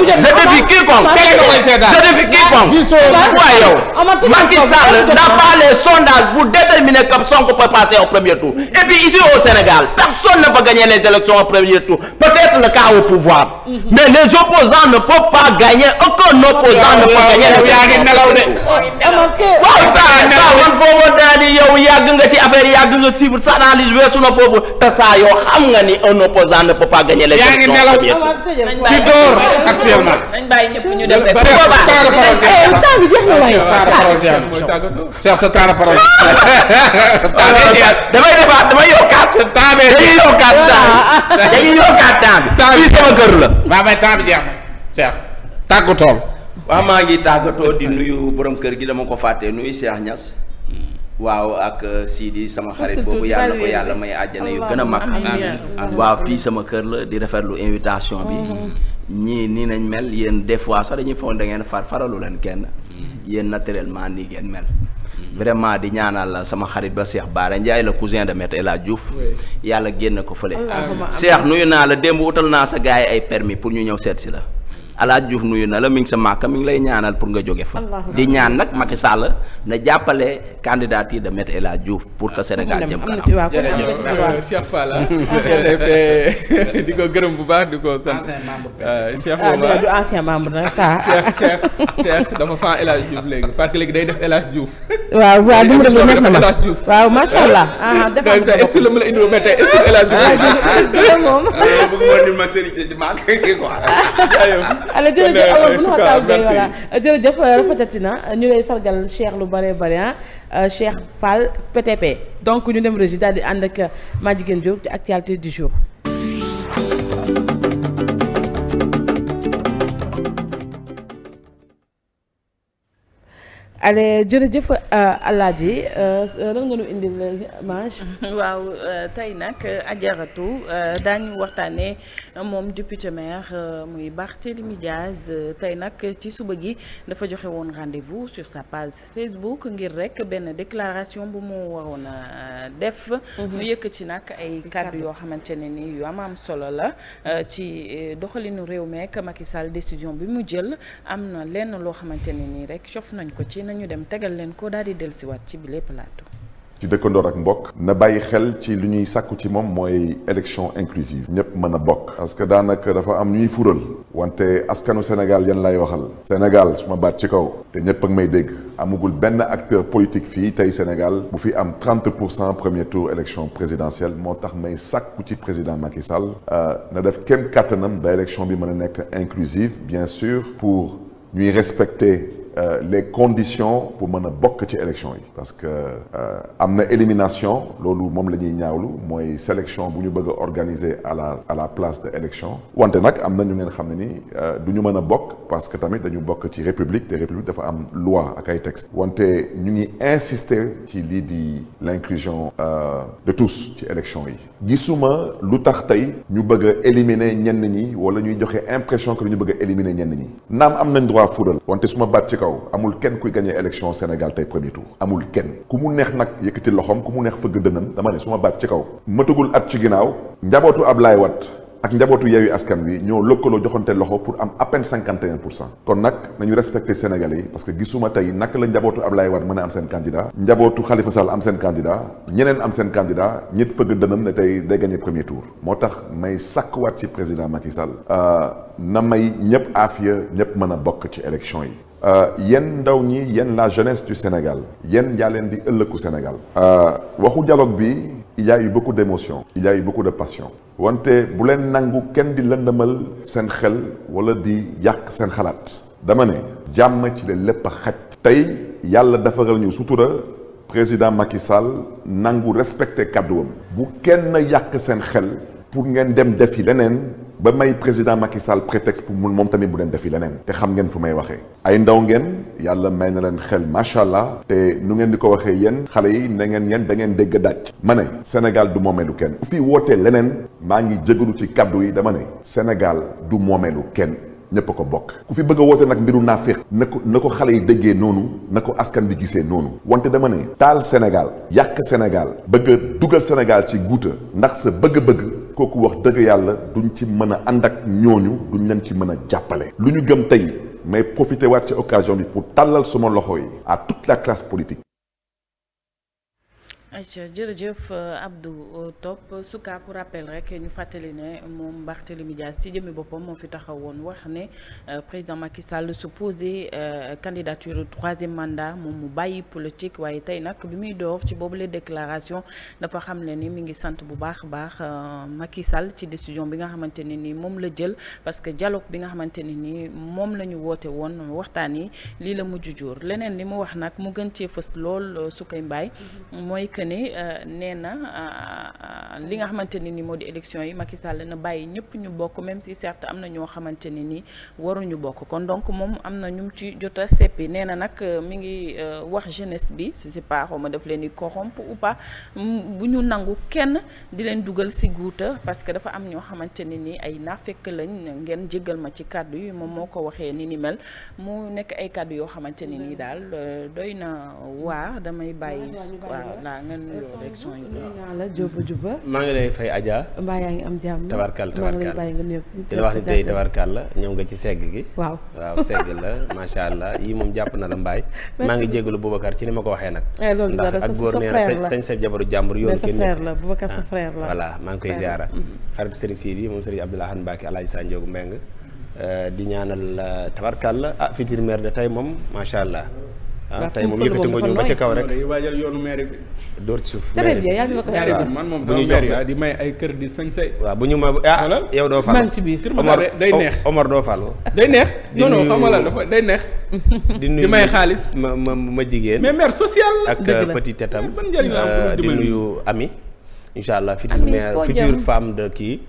Speaker 1: je défie quiconque je défie quiconque waaye yow
Speaker 6: Macky Sall n'a pas les sondages sondage bu déterminer que Sonko peut passer au premier tour et puis ici au Sénégal personne ne peut gagner les élections au premier tour peut-être le cas au pouvoir mm -hmm. mais les opposants ne peuvent pas gagner aucun opposant ne peut gagner yaa ngi nelaw de waaw ça ça man foofu dana di ne peut pas gagner les élections
Speaker 3: au premier tour damay defaat damay yokkaat.
Speaker 10: temps bee dañuy yokkaat temps bi yokkaat
Speaker 3: temps
Speaker 6: bi. temps bi sama kër la. waaw mais temps
Speaker 10: bi jeex
Speaker 3: na.
Speaker 6: Cheikh tàggatoo. waaw maa ngi tàggatoo di nuyu borom kër gi dama ko fàtte nuyu Cheikh ñas waaw ak Sidi sama xarit boobu yàlla ko yàlla may àjjana yu gën a mag waaw fii sama kër la di rafetlu invitation bi ñii oh. nii nañ mel yéen des fois sax dañuy foog da ngeen far faralu leen kenn hmm. yéen naturellement nii ngeen mel vraiment di ñaanal sama xarit ba Cheikh Bara Ndiaye la cousin de Maître laa Hadj Diouf yàlla génn ko fële Cheikh nuyu naa la démb utal naa sa gars ay permis pour ñu ñëw seet si la alaaj Diouf nuyu na la mi ngi sa màkka mi ngi lay ñaanal pour nga jóge fa di ñaan nag Macky Sall na jàppale candidature de Me El Hadji Diouf pour que Sénégal jëm
Speaker 1: kanam
Speaker 2: ah. di ko gërëm bu baax di ko sant ah, Cheikh Fall ah,
Speaker 1: du membre nag ça
Speaker 2: Cheikh Cheikh dafa léegi parce léegi day def
Speaker 1: waaw
Speaker 7: waaw allah est-ce que la mu la
Speaker 2: indiwoon mais tey est-ce que El Hadji
Speaker 7: moom bëgg moo ni ma sëriñ ci ala jërëjëf Omar bu ñu xataab Gueye voilà
Speaker 1: jërëjëf euh, rafetati na ñu lay sargal Cheikh lu bare bare ah euh, Cheikh Fall PTP donc ñu dem régie daal di ànd ak euh, maa jigéen Diop ci actualité du jour allez jërëjëf euh, Alaaji euh, lan nga nu indil euh, Mange.
Speaker 4: waaw tey nag ajaratu daañu waxtaanee moom député maire muy Barthélémy Diaz tey nag ci suba gi dafa joxe woon rendez-vous sur sa page Facebook ngir rek benn déclaration bu mu waroon a def. Mhm. mu yëkkati nag ay kàddu yoo xamante ne ni yu am am solo la ci doxalinu réew meek Macky Sall décision bi mu jël am na lenn loo xamante ne nii rek cof nañ ko ci. nañu dem tegal leen ko daal di dellusiwaat ci bile plateau.
Speaker 11: ci dëkkandoor ak mbokk na bàyyi xel ci lu ñuy sàkku ci moom mooy élection inclusive ñëpp mën a bokk parce que daanaka dafa am ñuy fural wante askanu Sénégal yan lay waxal Sénégal su ma baat ci kaw te ñëpp ak may dégg amugul benn acteur politique fii tey Sénégal bu fi am 30 pour cent premier tour élection présidentielle moo tax may sàkku ci président Macky Sall euh, na def kem kàttanam ba élection bi mën a nekk inclusive bien sûr pour ñuy respecter Euh, les conditions pour mën a bokk ci élection yi parce que euh, am na élimination loolu moom la ñuy ñaawlu mooy sélection bu ñu bëgg a organiser à la place de élection wante nag am na ñu ngeen xam ne ni euh, du ñu mën a bokk parce que tamit dañu bokk ci république te république dafa am loi ak ay texte wante ñu ngi insister ci lii di l'inclusion de tous ci élection yi gisuma lu tax tey ñu bëgg a ñenn ñi wala ñuy joxe impression que ñu bëgg éliminer ñenn ñi naam nañ droit fuural wante suma baat ci kaw amul kenn kuy gagné élection Sénégal tey premier tour amul kenn ku mu neex nag yëkkati loxoom ku mu neex fëgg dënam dama ne su ma baat ci kaw matagul at ci ginnaaw njabootu Ablaye Wade ak njabootu Yewwi Askan Wi ñoo lëkkaloo joxante loxo pour am à cinquante et un pour cent kon nag nañu respecté Sénégalais yi parce que gisuma tey nak la njabootu Ablaye Wade mën a am seen candidat njabootu Khalifa Sall am seen candidat ñeneen am seen candidat ñit fëgg ne tey day gagné moo tax may sàkkuwaat ci président Macky Sall euh, na ñëpp aafiya ñëpp mën a bokk ci élection yi Euh, yéen ndaw ñi yéen la jeunesse du Sénégal yéen yaa leen di ëllëgu Sénégal euh, waxu dialogue bi il y a eu beaucoup d'émotions il y a eu beaucoup de passion wante bu leen nangu kenn di lëndëmal seen xel wala di yàq seen xalaat dama ne jàmm ci la lépp a xaj tey yàlla defaral ñu sutura président Macky Sall nangu respecté kàdduwam bu kenn yàq seen xel pour ngeen dem def defi leneen ba may président Macky Sall prétexte pour mun moom tamit bu leen defi leneen te xam ngeen fu may waxee ay ndaw ngeen yàlla may na leen xel macha allah te nu ngeen di ko waxee yéen xale yi na ngeen yéen da ngeen dégg daaj ma ne Sénégal du moomeelu kenn ku fi wootee leneen maa ngi jégalu ci kaddu yi dama ne Sénégal du moomeelu kenn ñëpp a ko bokk ku fi bëgg a woote nag mbiru naaféq na ko na ko xale yi déggee noonu na ko askan bi gisee noonu wante dama ne taal Sénégal yàq Sénégal bëgg dugal Sénégal ci guuta ndax sa bëgg-bëgg kooku wax dëgg yàlla duñ ci mën a ànd ak ñooñu duñ leen ci mën a jàppale lu ñu gëm tey mais profité waat ci occasion bi pour tàllal suma loxo yi à toute la classe politique
Speaker 4: ayca jërëjëf euh, Abdou euh, Top suka rappel rek ñu fàttali ne moom Barthélémy Dias ci jëmmi boppam moo fi taxawoon wax ne euh, président Macky Sall su posé candidature troisième mandat moom mu bàyyi politique waaye tey nag bi muy door ci boobu boobule déclaration dafa xam ne nii mi ngi sant bu baax baax Macky Sall ci décision bi nga xamante ne nii moom la jël parce que jaloog bi nga xamante ni nii moom la ñu woote woon waxtaan yi lii la mujj jur leneen li mu wax nag mu gën cee fës lool su koy que ne euh, nee na euh, li nga xamante ne ni moo di élection yi Macky Sall na bàyyi ñëpp ñu bokk même si certes am na ñoo xamante ni nii waruñu bokk kon donc moom am na ñu ci jot seppi nee na nag euh, mi ngi wax jeunesse bi si si paaxoo ma daf leen di corrompre ou pas bu ñu nangu kenn di leen dugal si guuta parce que dafa am ñoo xamante ni nii ay fekk lañ ngeen jéggal ma ci kàddu yi moom moo ko waxee ni ni mel mu nekk ay kàddu yoo xamante ne ni mm-hmm. daal doy na waa damay bàyyi maa
Speaker 12: ngi lay fay Adja.
Speaker 1: mbaa yaa ngi am jàmm. tabarkal tabarkal di la wax ni tey tabarkal
Speaker 12: la ñëw nga ci segg gi. waaw waaw segg la macha allah yii moom jàpp na la mbaay. maa ngi jégalu Boubacar ci ni ma ko waxee nag.
Speaker 1: Eh, ndax ak góor nee sañ
Speaker 12: sa jabaru jàmbur yoon kenn
Speaker 1: la Boubacar sa ah, frère la. voilà
Speaker 12: maa ngi koy ziara. Mm-hmm. xarit Serigne Sidi moom Serigne Abdoulaye Khan Mbacke Alaaji Sanjoogu Mbeng euh, di ñaanal euh, tabarkal la ah futur maire de tey moom macha allah ah tey moom yëkkati nga ñu ba ca kaw rek dañuy
Speaker 2: waajal yoonu maire bi.
Speaker 12: door ci suuf très ah, di may ay kër di sañsay. waaw bu ñu ma ah yow doo falu. Omar day neex Omar doo falu. day neex di nuyu
Speaker 2: di may xaalis
Speaker 12: ma ma ma jigéen.
Speaker 7: ak petit
Speaker 12: tetam. Euh, di nuyu Ami. incha allah future maire future femme de kii.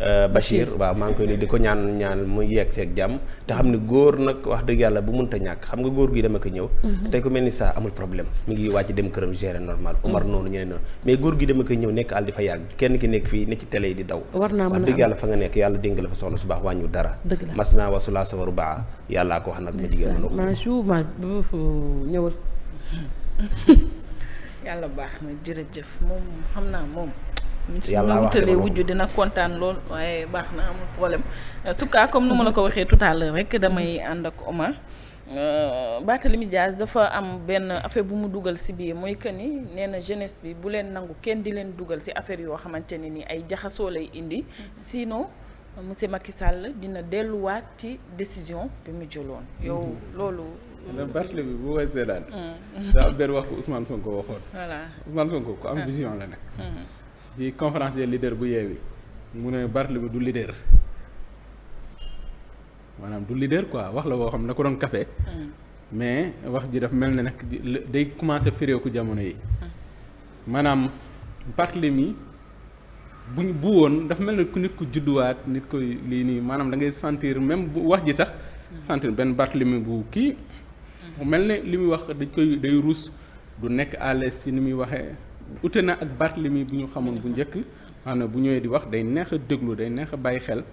Speaker 12: Euh, Bachir waaw maa ngi koy nuyu di ko ñaan ñaan mu yegg seeg jàmm te xam ne góor nag wax dëgg yàlla bu mënta ñàkk xam nga góor gi dama ko ñëw mhm. tey ku mel ni ça amul problème mi ngi wàcc dem këram gérer normal mhm. Omar noonu ñeneen noonu mais góor gi dama koy ki nekk fii ne ci télé yi di daw
Speaker 1: war naa mën a wax dëgg yàlla
Speaker 12: fa nga nekk la fa soxna su baax wàññu dara mas naa wasulaa sa waru baax yàllaa ko wax nag ma
Speaker 4: moom xam naa moom yàlla wax wutalee wujj dina kontaan lool waaye baax na amul problème su comme nu ma la ko waxee tout à rek damay ànd ak Omar euh, Barthélémy Dias dafa am benn affaire bu mu dugal si biir mooy que ni nee na jeunesse bi bu leen nangu kenn di leen dugal si affaire yoo xamante ne ni ay jaxasoo lay indi sinon monsieur Macky Sall dina delluwaat ci décision bi mu jëloon. yow loolu. Mm-hmm. Barthélémy
Speaker 2: bu koy seetaan.
Speaker 4: Mm.
Speaker 2: benn wax ko Ousmane Sonko waxoon. voilà Ousmane Sonko ku am ah. vision la nag. di conférence des bu yeewi mu ne Barthélémy du leader maanaam du leader quoi wax la woo xam ne ko doon kafe hmm. mais wax ji daf mel na nag day commencé firéeku jamono yi hmm. maanaam Barthélémy buñ bu woon daf mel ne ku nit ku judduwaat nit koy lii nii maanaam da ngay sentir même bu wax ji sax hmm. sentir benn Barthélémy bu kii mu mel ne li muy wax dañ koy day ruus du nekk à l'aise ci ni muy waxee ute na ak Barthélemy bu ñu xamoon bu njëkk na bu ñëwee di wax day neex a déglu day neex a bàyyi xel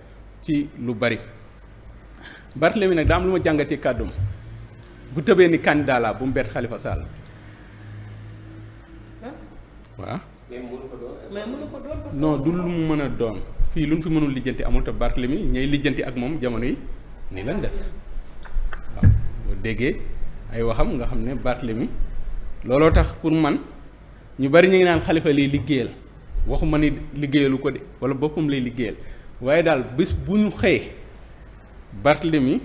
Speaker 2: ci lu bari Barthélemy nag daa am lu ma jàngat ci kàddum bu tëbee ni candidat la bu mu bett Khalifa Sall. waaw. du lu mu mën a doon fii lu mu fi mënul lijjanti amul te Barthélemy ñay lijjanti ak moom jamono yi nii lañ def waaw boo déggee ay waxam nga xam ne Barthélemy looloo tax pour man. ñu bari ñu ngi naan xalifa lay liggéeyal waxuma ni liggéeyalu ko de wala boppam lay liggéeyal waaye daal bis bu ñu xëyee Barthélemy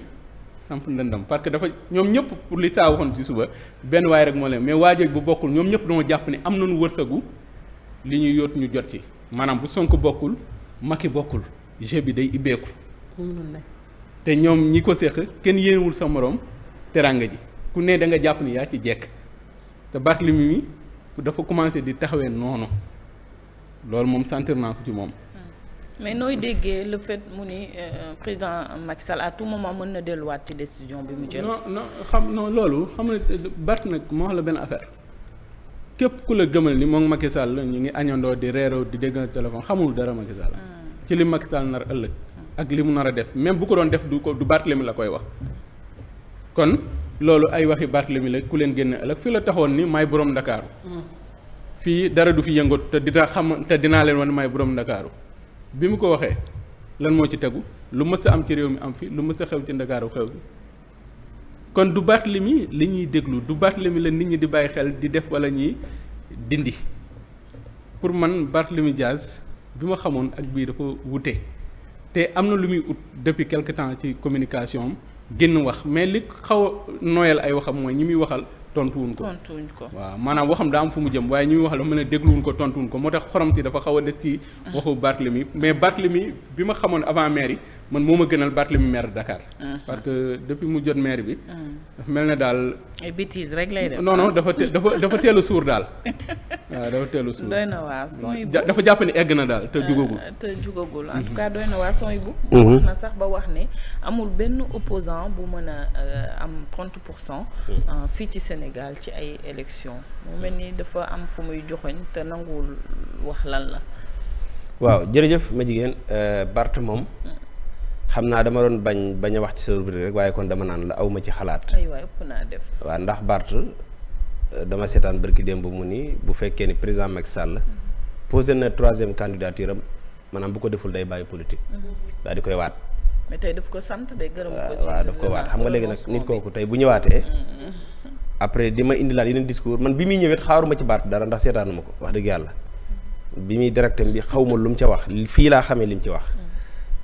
Speaker 2: samp ndëndam parce que dafa ñoom ñëpp pour li saa waxoon ci suba benn waay rek moo leen mais waajal bu bokkul ñoom ñëpp dama jàpp ne am na nañu wërsëgu li ñuy yoot ñu jot ci maanaam bu Sonko bokkul Macky bokkul jeu bi day ibbeeku te ñoom ñi ko séq kenn yéenewul sa moroom teranga ji ku ne danga jàpp ni yaa ci jekk te Barthélemy dafa commencé di taxawee noonu loolu moom sentir naa ko ci moom.
Speaker 4: mais nooy déggee le fait mu ni euh, président Macky Sall à tout moment mën na delluwaat ci décision bi mu jël. non
Speaker 2: non xam no loolu xam nga euh, Bart nag moo wax la benn affaire képp ku la gëmal ni moom Macky Sall ñu ngi añandoo di reeroo di dégg téléphone xamul dara Macky hmm. ci li Macky Sall nar ëllëg. ak li mu nar a def même bu ko doon def du ko du Barthélémy la koy wax kon. loolu ay waxi mi la ku leen génne ëllëg fii la taxoon ni maay borom ndakaaru fii dara du fi yëngatu te dina xam te dinaa leen wan may borom ndakaaru bi mu ko waxee lan moo ci tegu lu mës a am ci réew mi am fi lu mës a xew ci ndakaaru xew gi kon du mi li ñuy déglu du Barthélemy la nit ñi di bàyyi xel di def wala ñuy dindi pour man Barthélemy Diaz bi ma xamoon ak bii dafa wute te am na lu muy ut depuis quelque temps ci communication génn wax mais li xaw a nooyal ay waxam mooy ñi muy waxal tontuwuñ ko tontuwuñ ko waaw maanaam waxam daa am fu mu jëm waaye ñi muy wax dafa mu ne dégluwuñ ko tontuwuñ ko moo tax xorom si dafa xaw a des ci ah. waxu Barthélemy mais mi bi ma xamoon avant maire yi man moo ma gënal Barthélemy maire de Dakar. Ah. parce que depuis mu jot maire bi. Ah. dafa mel na daal.
Speaker 4: bêtise rek lay def. non dafa
Speaker 2: dafa dafa teelu a suur daal waaw dafa teel suur.
Speaker 4: na waar sooy
Speaker 2: dafa jàpp egg na daal te jugagul. Ah,
Speaker 4: te en mhm. tout cas doy na waar mhm. sax ba wax ne amul benn opposant bu mën a euh, am 30 pour cent. Mhm. Euh, fii ci Sénégal ci ay élections mu mel nii dafa am fu muy joxoñ te nanguwul wax lan la.
Speaker 12: waaw jërëjëf ma jigéen euh, Barth moom. Mm. xam naa dama doon bañ bañ a wax ci sa rubrique rek waaye kon dama naan la awma ci xalaat.
Speaker 4: waa ëpp naa def.
Speaker 12: waaw ndax Barth euh, dama seetaan barki démb mu nii bu fekkee ni président Macky Sall. Mhm. posé na troisième candidature am maanaam bu ko deful day bàyyi politique. Mhm. daal di koy waat.
Speaker 4: mais daf ko sant day gërëm ko ci waaw ko waat xam nga léegi nag
Speaker 12: nit kooku tey bu ñëwaatee. Mm-hmm. après di ma indilaat yeneen discours man bi muy ñëwee xaaruma ci Barth dara ndax seetaanuma ko wax dëgg yàlla. Mm-hmm. bi muy directem bi xaw ma lu mu ca wax fii laa xamee li mu ci wax. Mm-hmm.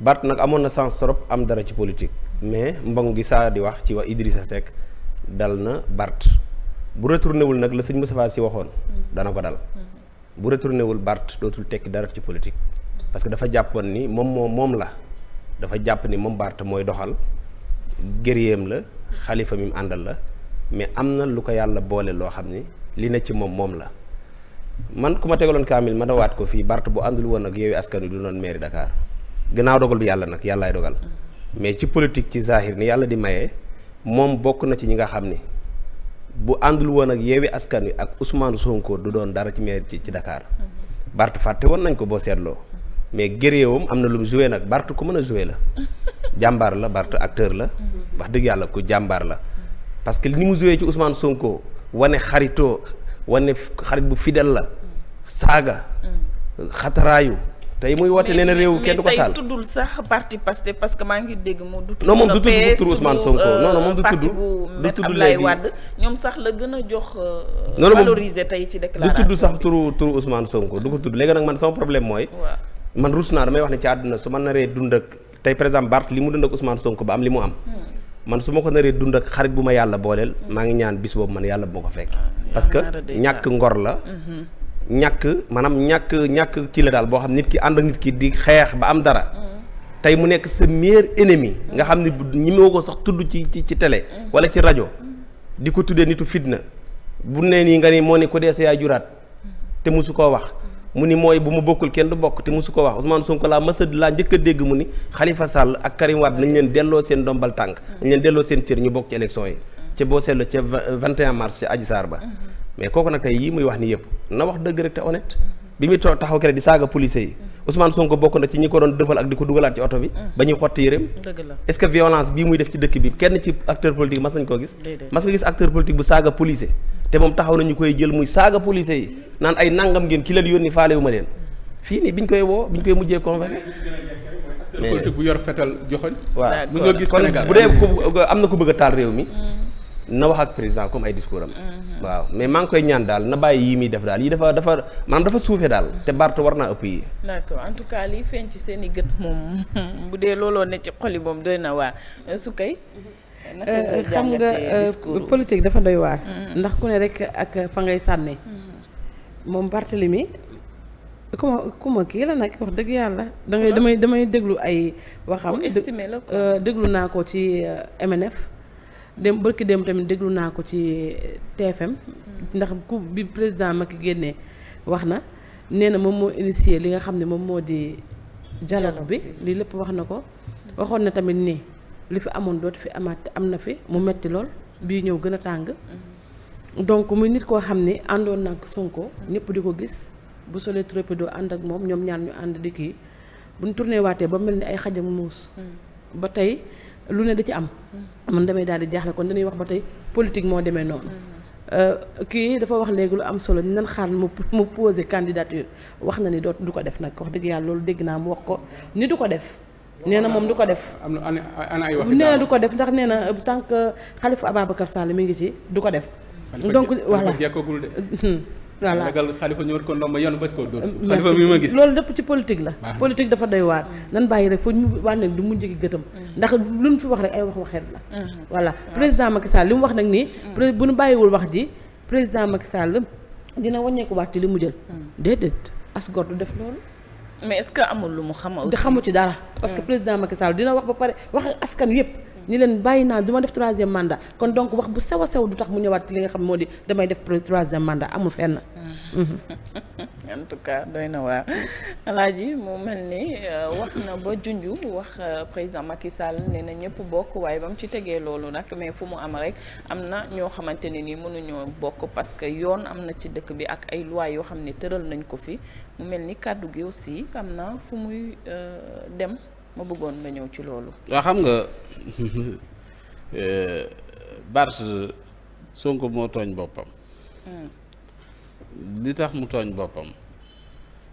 Speaker 12: Bart nag amoon na sens trop am dara ci politique mais mbong gi saa di wax ci wax Idrissa Seck dal na Bart bu retourné wul nag la sëñ Moustapha si waxoon mm-hmm. dana ko dal
Speaker 5: mm-hmm.
Speaker 12: bu retourné wul Bart dootul tekki dara ci politique mm-hmm. parce que dafa jàppoon ni moom moom moom la dafa jàpp ni moom Bart mooy doxal gërëyeem la xalifa mi mu àndal la mais am na lu ko yàlla boole loo xam ne li ne ci moom moom la man ku ma tegaloon kaamil a waat ko fii Bart bu àndul woon ak Yewwi Askan Wi du doon mairie gannaaw dogal bi yàlla nag yàllaay dogal mm. mais ci politique ci zahir ni yàlla di maye moom bokk na ci ñi nga xam ni bu àndul woon ak yeewi askan wi ak Ousmane Sonko du doon dara ci maire ci ci Dakar
Speaker 5: mm-hmm.
Speaker 12: Bart fàtte woon nañ ko boo seetloo mm-hmm. mais géréewam am na lu mu joué nag Bart ku mën a joué la jàmbaar la barte acteur la mm-hmm. wax dëgg yàlla ku jàmbaar la parce que ni mu joué ci Ousmane Sonko wane xaritoo wane xarit bu fidèle la saaga xataraayu tey muy woote nee na réew kenn du ko taal mais
Speaker 4: tey tuddul que maa ngi dégg mu. du tudd non moom du euh, tudd tur Ousmane Sonko non non sax la gën a jox. Euh, non valoriser tey ci déclaration du tudd
Speaker 12: sax turu turu Ousmane Sonko du ko tudd léegi nag man sama problème mooy. man ruus naa damay wax ne ci àdduna su ma naree dund ak tey par exemple Bart li mu dund ak Ousmane Sonko ba am li mu am. Hmm. man su ma ko naree dund ak xarit bu ma yàlla booleel. Hmm. maa ngi ñaan bis boobu man yàlla bu ma ko fekkee ah, parce que ñàkk ngor la hmm, ñàkk maanaam ñàkk ñàkk ci la daal boo xam nit ki ànd ak nit ki di xeex ba am dara mm. tey mu nekk sa meilleur ennemi nga xam ne ñi moo ko sox tudd ci ci ci télé mm. wala ci rajo mm. di ko tuddee nitu fitna bu nee nii nga ni moo ni ko dee sa yaay juraat te mosu koo wax mu ni mooy bu mu bokkul kenn bokk te mosu ko wax Ousmane Sonko laa mës a laa njëkk a dégg mu ni Khalifa Sall ak Karim Wade nañ leen delloo seen dombal tànk nañ leen delloo seen cër ñu bokk ci élection yi ca boo seetloo ca 21 mars ca ba mais kooku nag tey yii muy wax ni yëpp na wax dëgg rek te honnête bi muy taxaw kere di saaga policier yi Ousmane Sonko bokk na ci ñi ko doon dëfal ak di ko dugalaat ci oto bi mm. ba ñuy xotti yërëm est-ce que violence bii muy def ci dëkk bi kenn ci acteur politique mas nañ koo gis mas nga gis acteur politique bu saaga policier te moom taxaw nañu koy jël muy saaga policier yi naan ay nangam ngeen ki leen yónni faale wu ma leen fii nii biñ koy woo biñ koy mujjee convaincre acteur politique bu yor fetal joxoñ waaw kon bu dee am na ko bëgg a taal réew mi mm. na wax ak président comme ay discours am. Mhm. waaw mais maa ngi koy ñaan daal na bàyyi yi muy def daal yi dafa dafa maanaam dafa suufee daal mhm. te Barth war naa ëpp yi.
Speaker 4: d' accord en tout cas liy feeñ ci seen i gët moom bu dee looloo ne ci xol yi moom doy na waa su kay. xam nga euh,
Speaker 1: politique dafa doy waar. Mhm. ndax ku ne rek ak fa ngay sànni. moom Barthélemy li mi ku ma kii la nag wax dëgg yàlla. da damay damay déglu ay waxam. Euh, déglu naa ko ci euh, MNF. dem bërki dem tamit déglu naa ko ci TFM. Mm. ndax ku bi président Macky génnee wax na nee na moom moo initié li nga xam ne moom moo di. dialogue bi lii lépp wax na ko. waxoon na tamit ni li fi amoon dootu fi amaat am na fi mu metti lool bii ñëw gën a tàng. Mm-hmm. donc muy nit koo xam ne àndoon nag Sonko. Mm-hmm. ñëpp di ko gis bu solee trépido ànd ak moom ñoom ñaar ñu ànd di kii bu ñu tourné ba mel ni ay xajam muus. Mm. ba tey lu ne da ci am. Mm. mun damay daal di jaaxle kon dañuy wax ba tey politique moo demee noonu. Euh, kii dafa wax léegi lu am solo nan xaar mu mu posé candidature wax na ni doo du ko def nag wax dëgg yàlla loolu dégg naa mu wax ko ni du ko def. nee na moom du ko def. am na
Speaker 2: ana ay wax du
Speaker 1: ko def ndax nee na euh, tant que Khalifa Ababacar Sall mi ngi si du ko def. donc voilà voilà
Speaker 2: ragal ko ndomba yoon bañ koo dóor xalifa bi ma gis loolu
Speaker 1: lépp ci politique la politique dafa doy waar nan bàyyi rek fa ñu du mu njëgi gëtam mm. ndax lu ñu fi wax rek ay wax waxeet la mm. voilà mm. président Macky Sall li mu wax nag nii bu ñu bàyyiwul wax ji président Macky Sall dina wàññeeku waat ci li mu jël déedéet as gor du def loolu
Speaker 4: mais est que amul lu mu xam xamu ci
Speaker 1: dara parce que président Macky saal dina wax ba pare wax askan yépp ni leen bàyyi naa du ma def troisième mandat kon donc wax bu sew a sew du tax mu ñëwaat li nga xam moo di damay def troisième mandat amul fenn.
Speaker 4: en tout cas doy na waar Alaaji mu mel ni euh, wax na ba junj wax euh, président Macky Sall nee na ñëpp bokk waaye ba mu ci tegee loolu nag mais fu mu am rek am na ñoo xamante ne nii mënuñoo bokk parce que yoon am na ci dëkk bi ak ay loi yoo xam ne tëral nañ ko fi mu mel ni kàddu gi aussi am na fu muy euh, dem. ma bëggoon na ñëw ci loolu.
Speaker 3: waaw xam nga eh, Barth Sonko moo tooñ boppam. Hmm. li tax mu tooñ boppam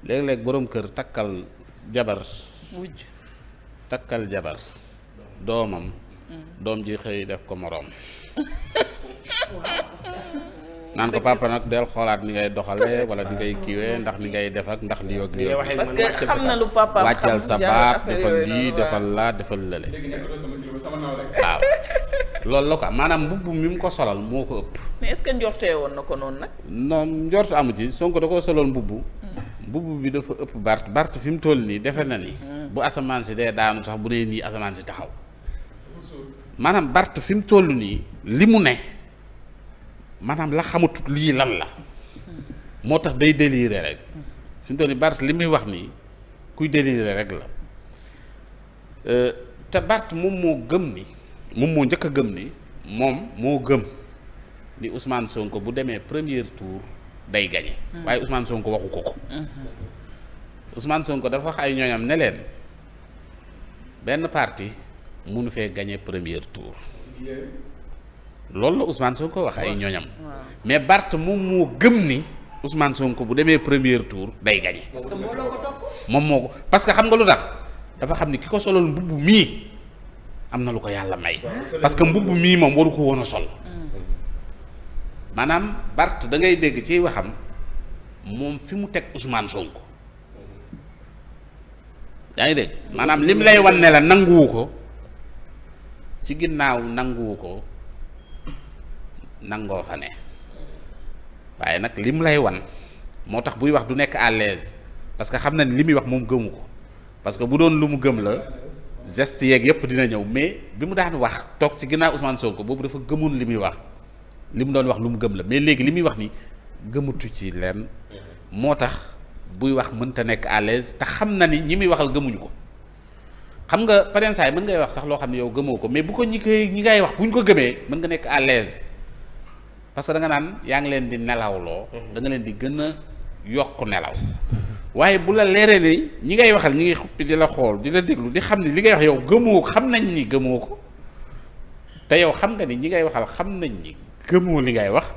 Speaker 3: léeg-léeg boroom kër takkal jabar. takkal jabar doomam. Hmm. doom ji xëy def ko moroom. naan ko papa nag del xoolaat ni ngay doxalee wala ni ngay kiiwee ndax ni ngay def ak ndax lii ak lii parce que xam na
Speaker 2: lu papa
Speaker 4: wàccal sa baab defal lii defal
Speaker 3: laa defal lële waaw loolu la quoi maanaam mbubb mi mu ko solal moo ko ëpp
Speaker 4: est-ce que njortee woon na ko noonu nag
Speaker 3: non njort amu soo ko da koo solal mbubb
Speaker 4: hmm.
Speaker 3: mbubb bi dafa ëpp Bart Bart fi mu toll nii defe na ni hmm. bu asamaan si dee daanu sax bu nee nii asamaan si taxaw maanaam Bart fi mu toll nii li mu ne maanaam la xamatut lii lan la moo tax day déliré rek fi mu barte li muy wax nii kuy déliré rek la euh, te Barth moom moo gëm ni moom moo njëkk a gëm ni moom moo gëm ni Ousmane Sonko bu demee premier tour day gagné. Hmm. waaye Ousmane Sonko waxu ko ko. Hmm. Ousmane Sonko dafa wax ay ñooñam ne leen benn parti mënu fee gañe premier tour. loolu la soo ko wax ay ñooñam. mais Bart moom moo gëm ni Ousmane Sonko bu demee premier tour day gagné. parce moom moo ko parce que xam nga lu tax dafa xam ni ki ko solol mbubb mii am na lu ko yàlla may.
Speaker 5: parce que mbubb mii moom waru ko woona a sol. Mm.
Speaker 3: maanaam Bart da ngay dégg ci waxam moom fi mu teg Ousmane Sonko. yaa ngi dégg maanaam lim lay wan ne la nanguwu ko ci ginnaaw nanguwu ko. nangoo fa ne waaye nag li mu lay wan moo tax buy wax du nekk à l'aise parce que xam na ni li muy wax moom gëmu ko parce que bu doon lu mu gëm la geste yeeg yépp dina ñëw mais bi mu daan wax toog ci ginnaaw Ousmane Sonko boobu dafa gëmoon li muy wax li mu doon wax lu mu gëm la mais léegi li muy wax ni gëmatu ci leen moo tax buy wax mën mënta nekk à l'aise te xam na ni ñi muy waxal gëmuñu ko xam nga parents yi mën ngay wax sax loo xam ne yow gëmoo ko mais bu ko ñi koy ñi ngay wax bu ko gëmee mën nekk à l'aise parce que da nga naan yaa ngi leen di nelawloo. Mhm. da nga leen di gën a yokk nelaw. waaye bu la leeree ni ñi ngay waxal ñi ngi xuppi di la xool di la déglu di xam ni li ngay wax yow gëmoo ko xam nañ ni gëmoo ko te yow xam nga ni ñi ngay waxal xam nañ ni gëmoo li ngay wax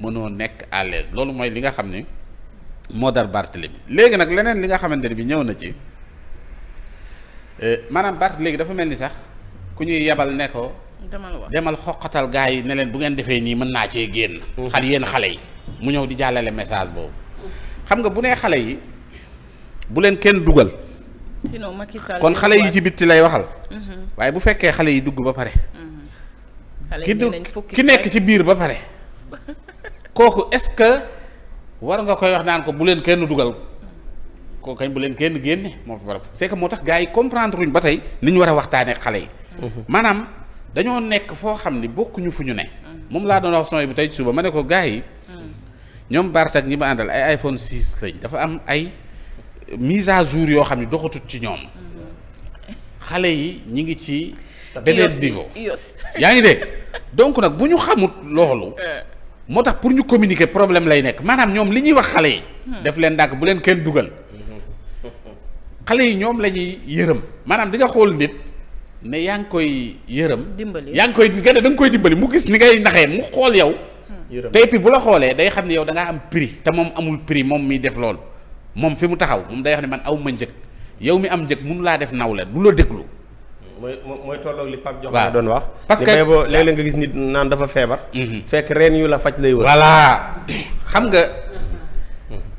Speaker 3: mënoo nekk à l'aise loolu mooy li nga xam ni moo dar Barthélemy léegi nag leneen li nga xamante ni bi ñëw na ci euh, maanaam Barth léegi dafa mel ni sax ku ñuy yabal ne ko demal xoqatal gaa yi ne leen bu ngeen defee nii mën naa cee génn. xal yéen xale yi mu ñëw di jàllale message boobu. xam nga bu nee xale yi bu leen kenn dugal.
Speaker 4: sinon kon xale yi ci bitti lay waxal. Mhm.
Speaker 3: waaye bu fekkee xale yi dugg ba pare.
Speaker 4: Mhm. ki du ki nekk
Speaker 3: ci biir ba pare. kooku est-ce que war nga koy wax naan bu leen kenn dugal. kooku bu leen kenn génne moo moo tax gaa yi comprendre uñ ba tey ni ñu war a waxtaanee xale yi. Mhm. maanaam. dañoo nekk foo xam ni bokkuñu fu ñu ne. moom laa doon wax son bi tey suba ma ne ko gaa yi. ñoom Bart ak ñi ma àndal ay iPhone 6 lañ dafa am ay mise à jour yoo xam ni doxatut ci ñoom. xale yi ñi ngi ci. beneen niveau yaa ngi dégg donc nag bu ñu xamut loolu. moo tax pour ñu communiquer problème lay nekk maanaam ñoom li ñuy wax xale yi. def leen ndànk bu leen kenn dugal. xale yi ñoom lañuy yërëm maanaam di xool nit. ne yaa ngi koy yërëm. dimbali yaa ngi koy nga ne da koy dimbali mu gis ni ngay naxee mu xool yow. tey bi bu la xoolee day xam ne yow dangaa am prix te moom amul prix moom miy def loolu moom fi mu taxaw moom day wax ne man aw ma njëg yow mi am njëg mun laa def nawle du la déglu.
Speaker 12: mooy mooy tolloog li Pape Diop doon wax.
Speaker 3: parce que léeg-léeg nga gis nit naan dafa feebar. Mhm. fekk reen yu la faj lay wër. voilà xam nga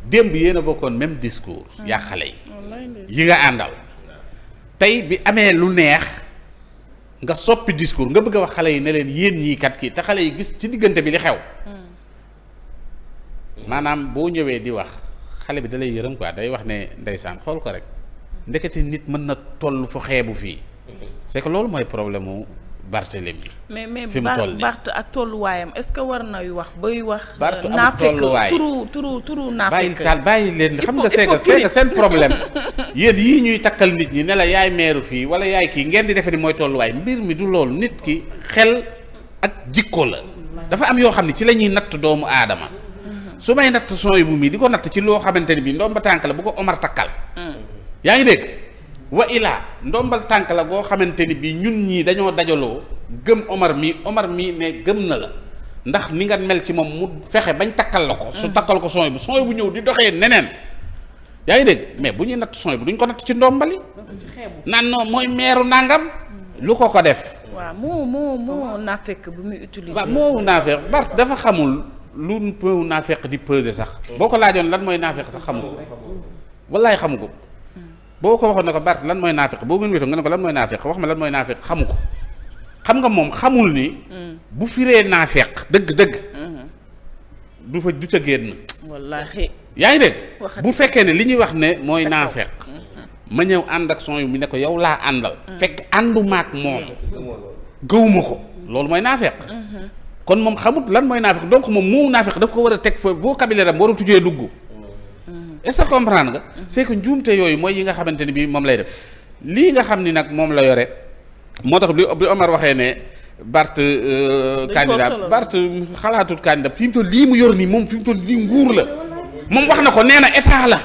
Speaker 3: démb yéen a bokkoon même discours. Mhm. yaa xale yi. bi amee lu neex. nga soppi discours nga bëgg a wax xale yi ne leen yéen ñii kat kii te xale yi gis ci diggante bi li xew. Hmm. maanaam boo ñëwee di wax xale bi dalay lay yërëm quoi day wax ne ndeysaan xool ko rek ndekete nit mën na toll fu xeebu fii. Hmm. c'est loolu mooy problème Barthélemy
Speaker 4: mais mais Barth ak tolluwaayam est-ce que war nay wax bay wax. Euh, Barth amul tolluwaay turu turu turu naafeq. bàyyi taal
Speaker 3: bàyyi leen xam nga c'est que seen problème yéen yi ñuy takkal nit ñi ne la yaay meeru fii wala yaay kii ngeen di defee ni mooy tolluwaay mbir mi du loolu nit ki xel ak jikkoo la. dafa am yoo xam ne ci la ñuy natt doomu aadama. su may natt sooy bu mii di ko natt ci loo xamante ni bii ndoom ba tànk la bu ko Omar takkal. Mm. yaa ngi dégg. wa ilaa ndombal tànk la goo xamante ni bii ñun ñii dañoo dajaloo gëm Omar mii Omar mii ne gëm na la ndax ni nga mel ci moom mu fexe bañ takkal la ko. su mm. takkal ko sooy bu sooy bu ñëw di doxee neneen. yaa ngi dégg mais bu ñuy natt sooy bu duñ ko natt ci ndombali. naan non mooy meeru nangam. lu ko ko def.
Speaker 4: waa moo moo moo naafeq bu muy utiliser. waaw moo naafeq
Speaker 3: parce que dafa xamul lu moo naafeq di peser sax. Mm. boo ko laajoon lan mooy naafeq sax xamu ko. Mm. wallaay xamu ko. boo ko waxoon ne ko Bart lan mooy naafiq boo ngeen wéetoo nga ne ko lan mooy naafiq wax ma lan mooy naafiq xamu ko xam nga moom xamul ni. Mm. bu firee naafiq dëgg-dëgg. Mm-hmm. du fa du yaa ngi dégg bu fekkee ne li ñuy wax ne mooy naafeq
Speaker 4: mm-hmm.
Speaker 3: ma ñëw ànd ak son mu ne ko yow laa àndal mm. fekk àndumaak moom mm. gëwuma ko loolu mooy naafeq mm-hmm. kon moom xamut lan mooy naafeq donc moom mu naafeq daf ko war a teg fa vocabulaire am war a tujjee est-ce que comprendre nga c'est que njuumte yooyu mooy yi nga xamante ni bii moom lay def lii nga xam ni nag moom la yore moo tax bi bi Omar waxee ne Bart euh, candidat Bart xalaatut candidat fi mu toll lii mu yor nii moom fi mu toll lii nguur la moom wax na ko nee na état la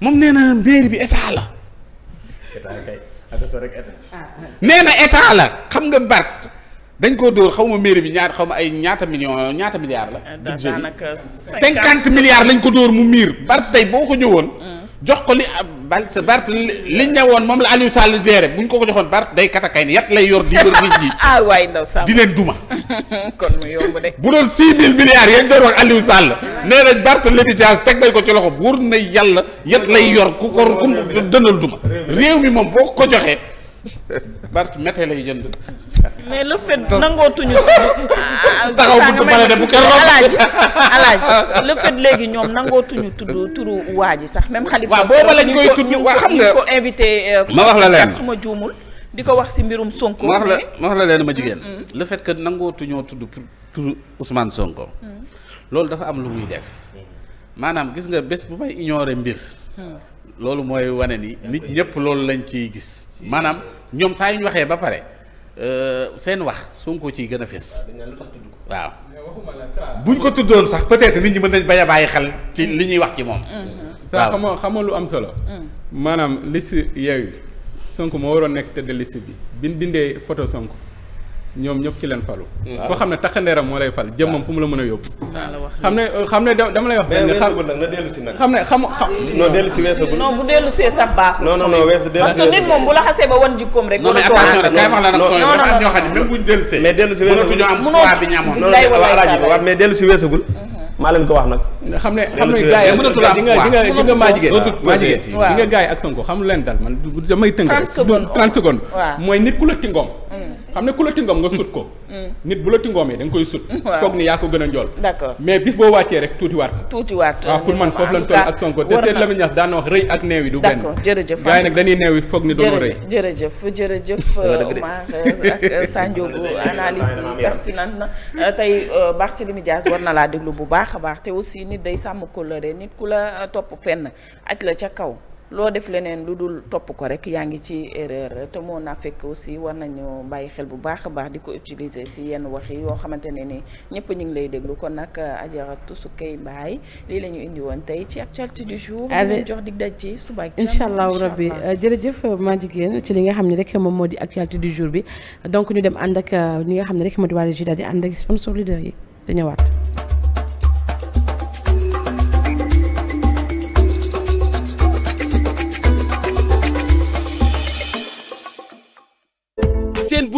Speaker 3: moom nee na bi état la nee na la xam nga Bart dañ koo dóor xaw ma mairie bi ñaar xaw ma ay ñaata million ñaata milliards la. Euh, budget bi euh, cinquante milliards lañ ko dóor mu miir. Bart tey boo ko ñëwoon. Mm. jox ko li ah, Bart sa Bart li ñëwoon moom la Aliou Sall géré bu ñu ko ko joxoon Bart day katakay yat lay yor di wër nit ñi.
Speaker 4: ah waay ndaw Sall
Speaker 3: di leen duma. de. bu doon six mille milliards yañ doon wax Aliou Sall nee nañ Bart Lady Dias teg nañ ko ci loxo wóor na yàlla yat lay yor ku ko ku dënal duma réew mi moom boo ko joxee. Bart mété lay jënd.
Speaker 4: mais le fait nangootuñu. taxaw buntu pare de bu kenn léegi ñoom nangootuñu tudd turu waa ji sax même. xalifa waaw booba lañ koy tudd waa xam nga ko invité. Euh, ma wax la leen ma juumul. di ko wax ci mbirum Sonko. ma la ma la leen
Speaker 3: ma jigéen. Mm, mm. le fait que nangootuñoo tudd turu Ousmane Sonko. Mm. loolu dafa am lu muy def. maanaam gis nga bés bu may ignorer mbir. loolu mooy wane ni nit ñëpp loolu lañ ciy gis maanaam ñoom saa yu ñu waxee ba pare euh, seen wax Sonko ciy gën a fees waaw buñ ko tuddoon sax peut-être nit ñi mën nañ bañ a bàyyi xel ci mm. li ñuy wax ci moom
Speaker 5: mm-hmm.
Speaker 3: waaw xamoo xamoo lu am solo mm. maanaam
Speaker 2: liste yeeyu Sonko moo waroon nekk tëdd liste bi bi dindee photo sunk ñoom ñëpp ci leen falu. koo xam ne taxandeeram moo lay fal jëmmam fu mu la mën a yóbbu. xam ne xam ne dama na dellu si nag. xam ne xam xam. damay tënk 30 mooy nit ku la ci xam ne ku la tingoom nga sut ko. Mm. nit bu la tingoomee da nga koy sut. foog ni yaa ko gën a njool. d'accord mais bis boo wàccee rek tuutiwaat ko. tuutiwaat waaw pour man foofu lañ toll ak Sonko te Seydou Lamine Niass daan wax rëy ak neew yi du benn. d'accord
Speaker 4: jërëjëf gars yi nag dañuy
Speaker 2: neew yi foog ni doon rëy.
Speaker 4: jërëjëf jërëjëf Omar ak euh, Sandiogou analyse pertinente na euh, tey euh, Barthélémy Dias war na laa déglu bu baax a baax te aussi nit day sàmm kóllëre nit ku la topp fenn aj la ca kaw loo def leneen lu dul topp ko rek yaa ngi ci erreur te moo naa fekk aussi war nañu bàyyi xel bu baax a baax di ko utiliser si yenn wax yi yoo xamante ne ni ñëpp ñu ngi lay déglu kon nag euh, Adjaratou Soukeye Mbaye lii la ñu indi woon tey ci actualité du jour. di jox dig daj ci suba ak incha allah rabbi euh,
Speaker 1: jërëjëf maa jigéen ci li nga xam ne rek moom moo di actualité du jour bi donc ñu dem ànd ak euh, ñi nga xam ne rek moo di waa Régida di ànd ak sponsor leader yi dañu ñëwaat.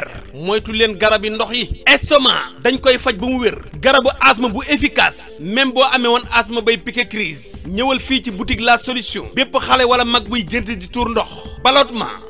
Speaker 7: fer moytu leen garab yi ndox yi estomac dañ koy faj ba mu wér garabu asthme bu efficace même boo amee woon asthme bay piqué crise ñëwal fii ci boutique la solution bépp xale wala mag buy gént di tuur ndox ballottement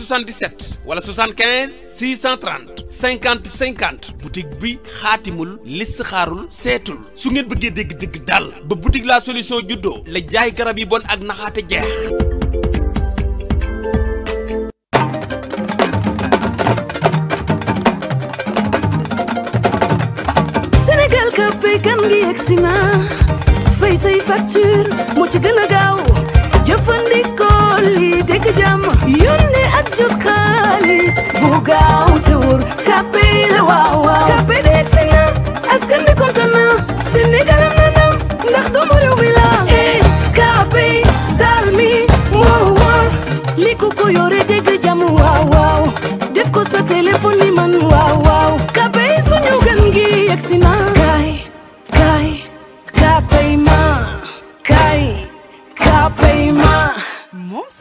Speaker 7: 77 wala 75 630 50 50 boutique bi xaatimul listixaarul seetul su ngeen bëggee dégg dëgg daal ba boutique la solution juddoo la jaay garab yi bon ak naxaate jeex.
Speaker 1: Sénégal ka fay kan gi yegsi na fay say facture moo ci gën gaaw jëfandikoo. teg jàmm yónnee ak jot xaalis bu gaaw te wóor kàppee la waaw waaw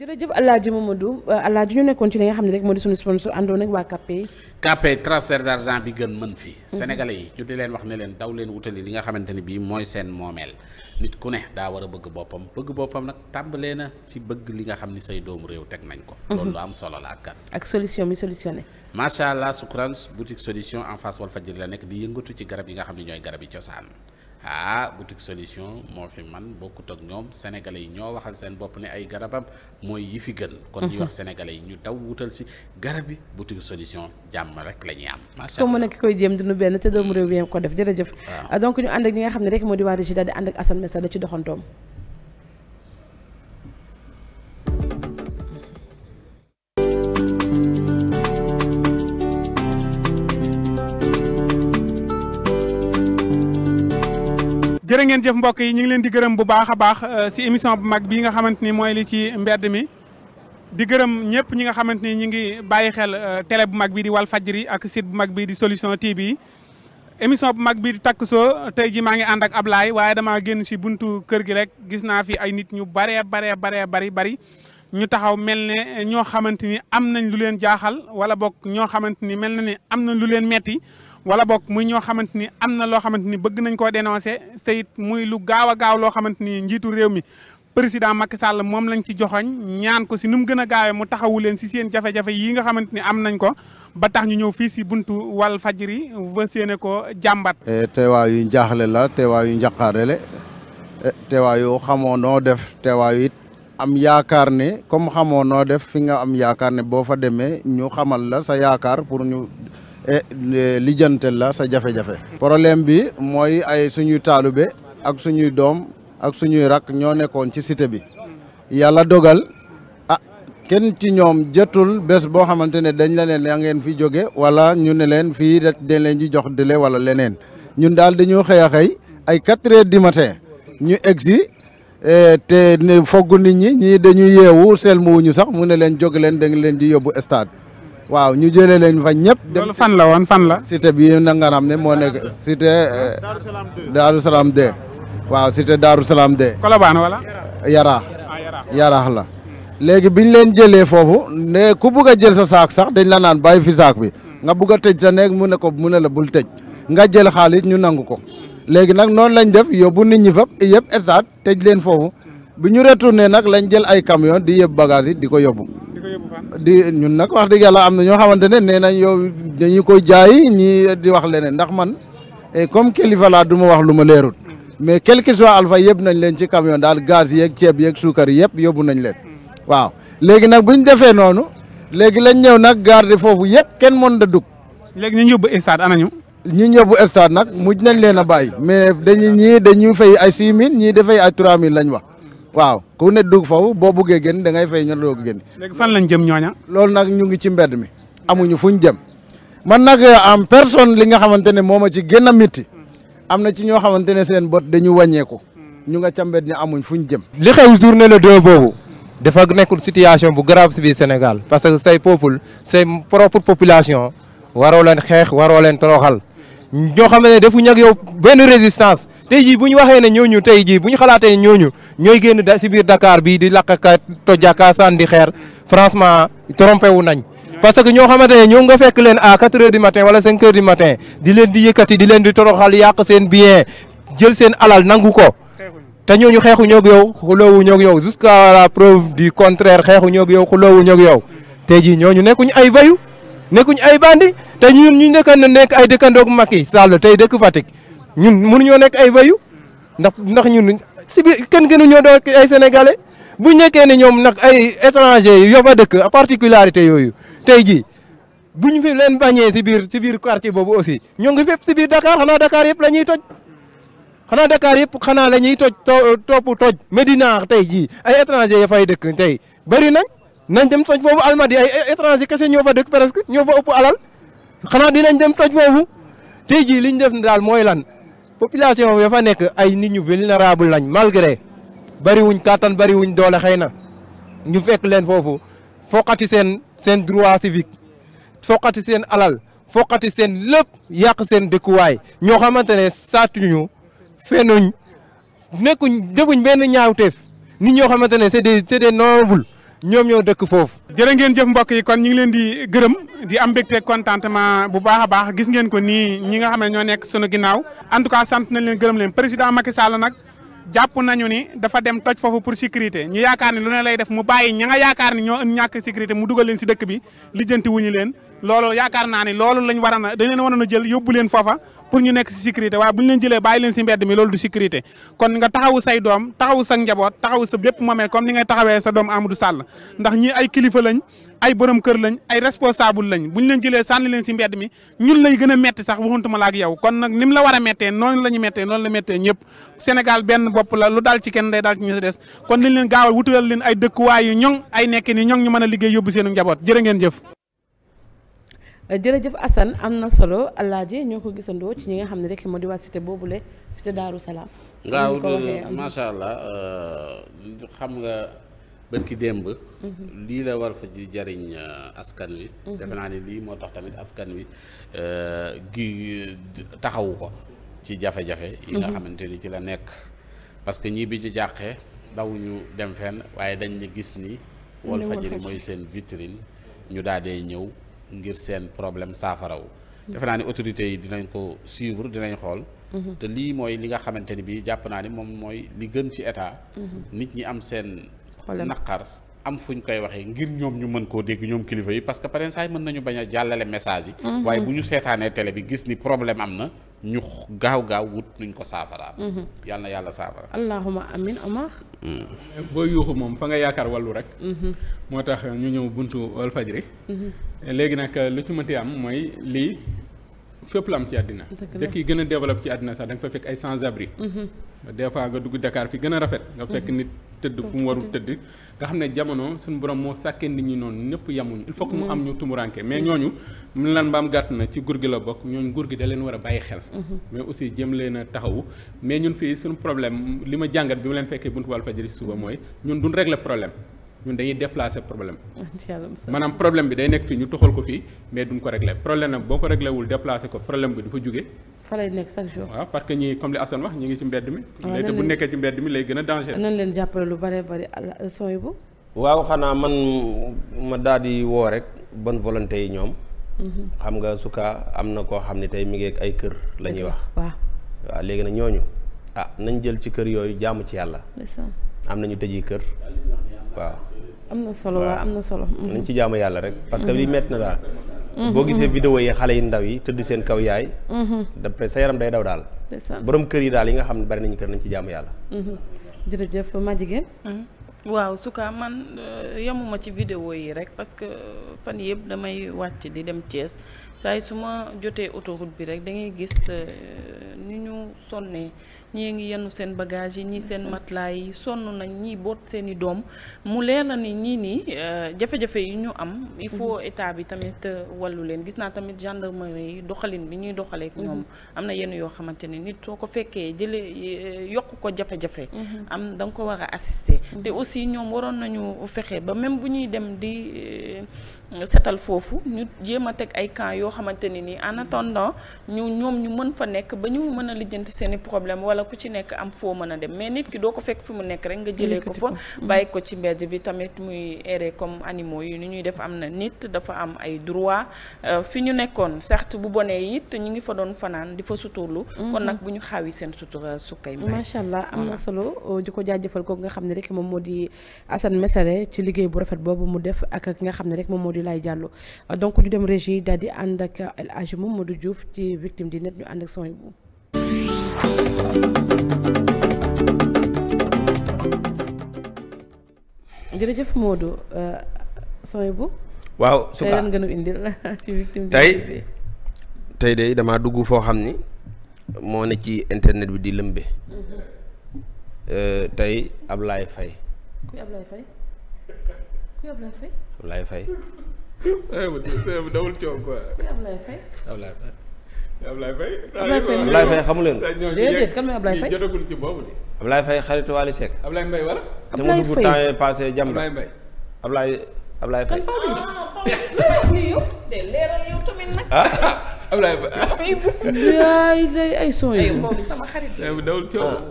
Speaker 1: jërëjëf Alaaji Mamadou euh, Alaaji ñu nekkoon ci li nga xam ne rek moo di suñu sponsor àndoon ak waa CAPE.
Speaker 3: CAPE transfert d' bi gën mën fii Sénégalais yi ñu di leen wax ne leen daw leen wutali li nga xamante ne bii mooy seen moomeel nit ku ne daa war a bëgg boppam bëgg boppam nag tàmbalee na ci bëgg li nga xam ni say doomu réew teg nañ ko. Mhm. loolu lu am solo la ak
Speaker 1: ak solution bi solutionné.
Speaker 3: macha allah Soukrans boutique solution en face Walfadjri la nekk di yëngatu ci garab yi nga xam ne ñooy garab yi ah boutique solution moo fi man bokkut ak ñoom sénégalais yi ñoo waxal seen bopp ni ay garabam mooy yi fi gën. kon ñuy mhm. wax sénégalais yi ñu daw wutal si garab yi boutique solution jàmm rek la ñuy am. ko mën a ki
Speaker 1: koy jéem dunu benn te doomu mm. réew mi ko def jërëjëf. Ah, donc ñu ànd ak ñi nga xam ne rek moo di waa Régida di ànd ak Assane Messa da ci doxantoom.
Speaker 10: jërë ngeen jëf mbokk yi ñu ngi leen di gërëm bu baax a baax euh, si émission bu mag bii nga xamante ni mooy li ci mbedd mi di gërëm ñëpp ñi nga xamante ni ñu ngi bàyyi xel euh, télé bu mag bi di Walf Fadjri ak site bu mag bi di Solution TV émission bu mag bi di takk soo tey ji maa ngi ànd ak Ablaye waaye damaa génn si buntu kër gi rek gis naa fi ay nit ñu baree baree baree bari bari ñu taxaw mel ne ñoo xamante ni am nañ lu leen jaaxal wala boog ñoo xamante ni mel na ni am nañ lu leen metti wala boog muy ñoo xamante ni am na loo xamante ni bëgg nañ koo dénoncé te muy lu gaaw a gaaw loo xamante ni njiitu réew mi président Macky Sall moom lañ ci joxoñ ñaan ko si nu mu gën a gaawee mu taxawu leen si seen jafe-jafe yi nga xamante ni am nañ ko ba tax ñu ñëw fii si buntu wal fajri ba séene ko jàmbat.
Speaker 13: Eh, teewaayu jaaxle la teewaayu njaqaarele eh, teewaayu xamoo noo def teewaayu it am yaakaar ne comme xamoo noo def fi nga am yaakaar ne boo fa demee ñu xamal la sa yaakaar pour ñu Eh, lijjantel la sa jafe-jafe problème bi mooy ay suñuy taalube ak suñuy doom ak suñuy rak ñoo nekkoon ci cité bi yàlla dogal ah kenn ci ñoom jëtul bés boo xamante ne dañ la leen yaa ngeen fi jóge wala ñu ne leen fii dañ leen di jox délai wala leneen ñun daal dañoo xëy a xëy ay quatre heures du matin ñu egsi eh, te foggu nit ñi ñii dañuy yeewu selmuwuñu sax mu ne leen jóg leen dañ leen di yóbbu stade waaw ñu jëlee leen fa ñëpp. dem fan la woon fan la. cité bii na nga xam ne moo nekk cité. Eh, Darou Salaam 2 waaw cité Darou Salaam de Colobane wala. Yaraax ah, Yaraax la. léegi biñ leen jëlee foofu ne ku bugg a jël sa saak sax dañ la naan bàyyi fi saak bi nga bugg a tëj sa néeg mu ne ko mu ne la bul tëj nga jël xaalis ñu nangu ko léegi nag noonu lañ def yóbbu nit ñi fap yëpp état tëj leen foofu bi ñu retourné nag lañ jël ay kamiyon di yëpp bagage di ko yóbbu. di ñun nag wax dëgg yàlla am na ñoo xamante ne nee nañ yow dañu koy jaay ñi di wax leneen ndax man eh, comme kilifa laa ma wax lu ma leerul mais quel que alfa alpha yëpp nañ leen ci camion daal gaz yeeg ceeb yeeg suukar yëpp yóbbu nañ leen waaw léegi nag bu ñu defee noonu léegi lañ ñëw nag garde foofu yëpp kenn mën da dugg. léegi ñu yóbbu stade anañu. ñi yóbbu stade nag mujj nañ leen a bàyyi mais dañuy ñii dañuy fay ay six mille ñii dafay ay trois mille lañ wax. waaw ku ne dug foofu boo buggee génn da ngay fay ñor doo génn. léegi fan lañ jëm ñooña. loolu nag ñu ngi ci mbedd mi amuñu fu ñu jëm man nag euh, en personne li nga xamante ne moo ma ci gën a métti am na ci ñoo xamante ne seen bot dañu wàññeeku ñu nga ca mbedd ñi amuñ fu ñu jëm.
Speaker 9: li xew journée le deux boobu. dafa nekkul situation bu garab si biir Sénégal parce que say peuple say propre population waroo leen xeex waroo leen toroxal. ñoo xam ne defuñu ak yow benn résistance tey jii bu ñu waxee ne ñooñu tey jii bu ñu xalaatee ñooñu ñooy génn da si biir Dakar bi di lakk ka tojja ka sànni xeer franchement trompé wu nañ. parce que ñoo xamante ne ñoo nga fekk leen à 4 heures du matin wala 5 heures du matin di leen di yëkkati di leen di toroxal yàq seen bien jël seen alal nangu ko. te ñooñu xeexu ñoog yow xuloowu ñoog yow jusqu'à la preuve du contraire xeexu ñoog yow xuloowu ñoog yow tey jii ñooñu nekkuñu ay nekkuñ ay bandi te ñun ñu nekk na nekk ay dëkkandoog Macky Sall tey dëkk Fatick ñun mënuñoo nekk ay wayu ndax ndax ñun si biir kenn gënuñoo doon ay sénégalais bu nekkee ne ñoom nag ay étranger yu fa dëkk particularité yooyu tey jii bu ñu leen bañee si biir si biir quartier boobu aussi ñoo ngi fépp si biir Dakar xanaa Dakar yëpp la ñuy xanaa Dakar yëpp xanaa la ñuy toj topp toj Medina tey jii ay étranger ya fay dëkk tey bëri nañ. nañ dem toj foofu almadi ay étranger kese ñoo fa dëkk presque ñoo fa ëpp alal xanaa dinañ dem toj foofu tey jii liñ def daal mooy lan population ya fa nekk ay nit ñu vulnérable lañ malgré bari wuñ kàttan bari wuñ doole xëy na ñu fekk leen foofu foqati seen seen droit civique foqati seen alal foqati seen lëp yàq seen dëkkuwaay ñoo xamante ne saatuñu fenuñ nekkuñ defuñ benn ñaawteef nit ñoo xamante ne c'est des des nobles ñoom ñoo dëkk
Speaker 10: foofu. jërë ngeen jëf mbokk yi kon ñu ngi leen di gërëm di am mbégte contentement bu baax a baax gis ngeen ko nii ñi nga xam ne ñoo nekk sunu ginnaaw en tout cas sant nañ leen gërëm leen président Macky Sall nag jàpp nañu ni dafa dem toj foofu pur sécurité ñi yaakaar ni lu ne lay def mu bàyyi ña nga yaakaar ni ñoo ën ñàkk sécurité mu dugal leen si dëkk bi lijjanti wuñu leen loolu yaakaar naa ne loolu lañ war a na dañ leen a jël yóbbu leen foofa pour ñu nekk si sécurité waaye bu ñu leen jëlee bàyyi leen si mbedd mi loolu du sécurité kon nga taxawu say doom taxawu sa njaboot taxawu sa bépp moomeel comme ni ngay taxawee sa doom Amadou Sall ndax ñii ay kilifa lañ ay borom kër lañ ay responsable lañ bu ñu leen jëlee sànni leen si mbedd mi ñun lay gën a metti sax waxuntuma la ak yow kon nag ni mu la war a mettee noonu la ñu mettee noonu la mettee ñëpp Sénégal benn bopp la lu daal ci kon liñ leen gaawal wutalal leen ay dëkkuwaay yu ñoŋ ay nekkin yu ñoŋ ñu njaboot jërë ngeen jëf
Speaker 1: jërëjëf Assane am na solo Alaaji ñoo ko gisandoo ci ñi nga xam ne rek moo di waa boobu boobule cité Daaru Salaam. waaw macha
Speaker 3: allah euh, xam nga ki démb. Mhm. lii la war fa di jariñ euh, askan wi. Mhm. defe naa ne lii moo tax tamit askan wi euh, gi taxawu ko ci jafe-jafe. yi nga mhm. xamante ni ci la nekk. parce que ñii bi ñu jàqee dawuñu dem fenn waaye dañ ñu gis ni. wal fajiri mooy seen vitrine ñu daal dee ñëw. ngir seen problème saafarawu defe naa ni autorités yi dinañ ko suivre dinañ xool mhm. te lii mooy li nga xamante ni bii jàpp naa ni moom mooy li gën ci état mhm. nit ñi am seen naqar am fu ñu koy waxee ngir ñoom ñu mën koo dégg ñoom kilifa yi parce que par exemple mën nañu bañ a jàllale message yi mhm. waaye bu ñu seetaanee télé bi gis ni problème am na ñu gaaw gaaw wut nuñ ko saafara mhm. yal na yàlla saafara
Speaker 1: allahuma amin Omar
Speaker 3: mm. boo yuuxu moom fa nga yaakaar wàllu rek mhm. moo tax
Speaker 2: ñu ñëw buntu Walfadjri mhm. léegi nag lu ci mënti am mooy lii fépp la am ci àddina dëkk yi gën a développé ci àddina sax da nga fa fekk ay sans abri mhm. des fois nga dugg Dakar fi gën a rafet nga fekk mhm. nit tëdd fu mu warul tëdd nga xam ne jamono suñu borom moo sàkkee nit ñi noonu ñëpp yamuñu il faut que mu am mhm. ñu tumuranke mais ñooñu mu lan mbaam gàtt na ci gur gi la bokk ñooñu gur gi da leen war a bàyyi xel mais aussi jëm leen a taxawu mais ñun fii sunu problème li ma jàngat bi ma leen fekkee buntu Walfadjri suba mooy ñun duñ régler problème ñun dañuy déplacer problème maanaam problème bi day nekk fii ñu toxal ko fii mais duñ ko régler problème boo ko réglé wul déplacer ko problème bi du fa jóge
Speaker 1: fa lay nekk chaque jour
Speaker 2: waaw parce que ñi comme li Assane wax ñi ngi ci mbedd mi ah,
Speaker 12: lay gën a danger
Speaker 2: nan
Speaker 1: leen jàppale lu bare bari sooy bu
Speaker 12: waaw xanaa man ma daal di woo rek bonne volonté yi ñoom mhm. xam nga suka am na koo xam ne tey mi ngi ay kër la ñuy wax waaw waaw léegi nag ñooñu ah nañ jël ci kër yooyu jaamu ci yàlla am nañu tëji kër waaw
Speaker 1: am na solo waaw am na solo.
Speaker 7: nañ ci
Speaker 12: jaamu yàlla rek mm-hmm. parce li métti na daal.
Speaker 7: Mm-hmm. boo gisee
Speaker 12: vidéo yi xale yi ndaw yi tëdd seen kaw yaay.
Speaker 7: Mm-hmm.
Speaker 12: sa yaram day daw daal. borom kër yi daal yi nga xam ne bari nañu kër nañ ci jaamu yàlla.
Speaker 1: jërëjëf ma jigéen.
Speaker 4: waaw suka man euh, yemuma ci vidéo yi rek parce que euh, fan yëpp damay wàcc di dem Thiès. saa yi su ma jotee autoroute bi rek da ngay gis euh, ni ñu sonnee ñii ngi yennu seen bagage yi ñii seen matelas yi sonn nañ ñii boot seen i doom mu leer na ni ñii nii euh, jafe-jafe yi ñu am il faut mhm. état bi tamit euh, wallu leen gis naa tamit gendarmerie yi doxalin bi ñuy doxalee ñoom mhm. am na yenn yoo xamante ne nit soo ko fekkee jëlee yokk ko jafe-jafe mhm. am da nga ko war a assister te aussi ñoom waroon nañu fexe ba même bu ñuy dem di setal foofu ñu jéem a teg ay camps yoo xamante ne nii en attendant ñu ñoom ñu mën fa nekk ba ñu mën a lijjanti seen i problème wala ku ci nekk am foo mën a dem mais nit ki doo ko fekk fi mu nekk rek nga jëlee ko fa bàyyi ko ci mbedd bi tamit muy errer comme animaux yi ni ñuy def am na nit dafa am ay droit euh, fi ñu nekkoon certes bu bonee it ñu ngi fa doon fanaan di fa suturlu mhm. kon nag bu ñu xaawi seen sutura sukkay mbay macha
Speaker 1: allah am na solo euh, di ko jaajëfal ko nga xam ne rek moom moo di Assane Mesere ci liggéey bu rafet boobu mu def ak nga xam ne rek moom moo di Abdoulaye Diallo donc ñu dem régie daal di ànd ak El Hadji Mamadou Diouf ci victime di net ñu ànd ak son bu jërëjëf Modou euh, son bu waaw su lan tey
Speaker 12: tey de dugg foo xam ni moo ne ci internet bi di lëmbe mm-hmm. euh, tey Ablaye fay
Speaker 1: kuy Ablaye Faye kuy Ablaye Faye
Speaker 12: Ablaye Faye
Speaker 2: sëñ eh, bi eh, dawul coow quoi. Ablaye Faye. Ablaye Faye. Ablaye Faye. Ablaye Faye ah, xamu leen. Ah, déedéet kan mooy Ablaye Faye jotagul ci boobu de.
Speaker 12: Ablaye Faye xaritu Wally Seck. Ablaye Mbaye wala. Ablaye Faye te mu dugg temps yii passé jàmm. Ablaye Mbaye Ablaye Ablaye
Speaker 4: Faye. Ah, ay son yi. Eh,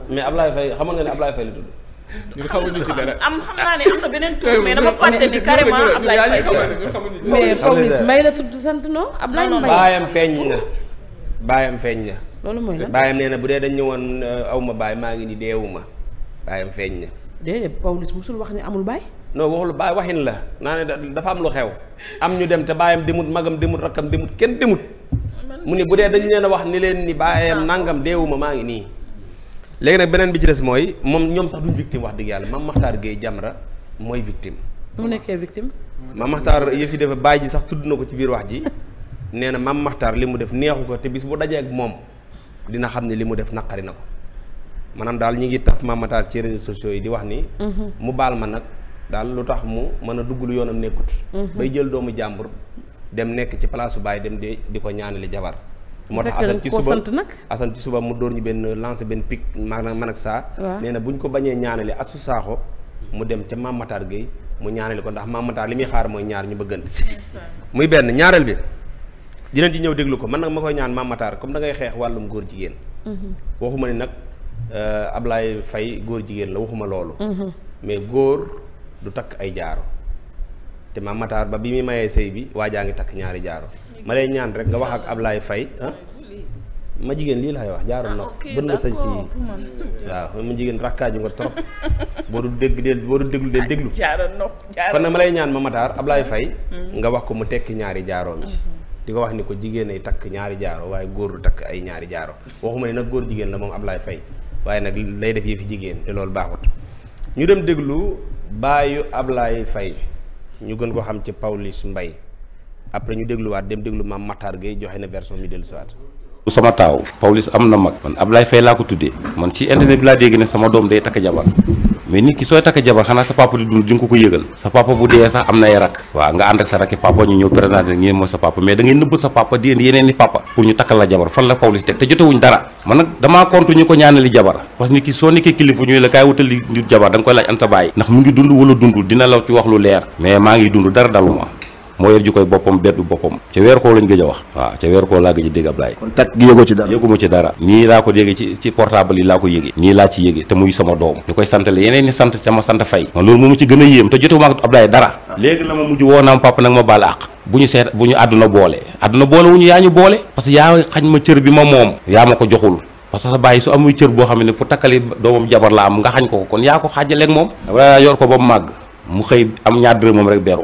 Speaker 12: mais Ablaye Faye xamoon nga ne Ablaye Faye la tudd. ñun xamuñu
Speaker 1: am xam am na beneen tur mais dama fàtte tudd sant non Ablaye Mbaye baayam
Speaker 12: feeñ na baayam feeñ na
Speaker 1: loolu mooy lan baayam
Speaker 12: nee na bu dee dañ ñëwoon euh, aw ma baay maa ngi ni deewuma baayam feeñ na déedéet Pawlish musul wax ni amul baay non waxul baay waxin la naa ne dafa am lu xew am ñu dem te baayam demut magam demut rakkam demut kenn demut mu ne bu dee dañu leen a wax ni leen ni baayam nangam deewuma maa ngi nii léegi nag beneen bi ci des mooy moom ñoom sax duñ victime wax dëgg yàlla Mame Makhtar Gueye Jamra mooy victime.
Speaker 1: mu nekkee victime. Mame Makhtar
Speaker 12: yëf yi dafa bàyyi ji sax tudd na ko ci biir wax ji nee na Mame Makhtar li mu def neexu ko te bis bu dajee ak moom dina xam ne li mu def naqari na ko maanaam daal ñi ngi taf Mame Makhtar ci réseaux sociaux yi di wax ni. Mhm. mu baal ma nag daal lu tax mu mën a dugg lu yoonam nekkut. Mhm. bay jël doomu jàmbur dem nekk ci palaasu baay dem di di ko ñaanali jabar.
Speaker 5: moo tax asan ci suba
Speaker 12: asan suba mu dóor ñu benn lancé benn pic maanaam man ak saa nee na bu ñu ko bañee ñaanale asu saaxo mu dem ca Mame Matar Gueye mu ñaanale ko ndax Mame Matar li muy xaar mooy ñaar ñu bëggante si muy benn ñaareel bi dinañ ci ñëw déglu ko man nag ma koy ñaan Mame Matar comme da ngay xeex wàllum góor jigéen mm-hmm. waxuma ni nag euh, Ablaye Faye góor jigéen la waxuma loolu mm-hmm. mais góor du takk ay jaaro te Mame ba bi muy mayee sëy bi waa jaa ngi takk ñaari jaaro ma lay ñaan rek nga wax ak ab Ablaye fay ah? ma jigéen lii laay wax jaarul nopp ah, bën nga sañ ci waaw ma jigéen rakkaaju nga trop boo du dëgg deel boo dul déglu deel déglu
Speaker 4: kon nag
Speaker 12: ma lay ñaan ma mataar Ablaye mm. fay mm. nga wax ko mu tekki ñaari jaaroom mm-hmm. yi di ko wax ni ko jigéen ay takk ñaari jaaro waaye góor du takk ay ñaari jaaroo waxuma ne nag góor jigéen la moom ab Ablaye fay waaye nag lay def fi jigéen te loolu baaxut ñu dem déglu baayu Ablaye Faye ñu gën ko xam ci Pawlish Mbaye après ñu dégluwaat dem déglu maam Matar Gueye joxe na version
Speaker 8: sama taaw Pawlish am na mag man Ablaye Faye laa ko tuddee man ci internet bi laa dégg ne sama doom day takk jabar mais nit ki sooy takk jabar xanaa sa papa di dund di nga ko ko yëgal sa papa bu dee sax am na ay rak nga ànd ak sa rakki papa ñu ñëw présenté ngeen moo sa papa mais da nëbb sa papa di yeneen ni papa pour ñu takkal la jabar fan la Pawlish teg te jotewuñ dara man nag damaa kontu ñu ko ñaanali jabar parce que nit ki soo nekkee ngi dund wala dund dina moo yor koy boppam beddu boppam ca weer koo lañ gëj a wax waaw ca weer koo laa gëj a dégg Ablaye kon takk gi yëgoo ci nii laa ko déggee ci ci portable yi laa ko yëgee nii laa ci yëgee te muy sama doom ñu koy santale yeneen ni sant ca ma sant fay man loolu moomu ci gën a yéem te jotewuma ak Ablaye dara ah. léegi la ma mujj woo naam nag ma baal bu ñu seet bu ñu àdduna boole àdduna boole wu ñu yaa ñu boole parce que yaa xañ ma cër bi ma moom yaa ma ko joxul parce que sa bàyyi su amuy cër boo xam ne pour takkali doomam jabar la am nga xañ ko ko kon yaa ko xaajaleeg moom yor ko ba mu màgg mu xëy am ñaar moom rek beru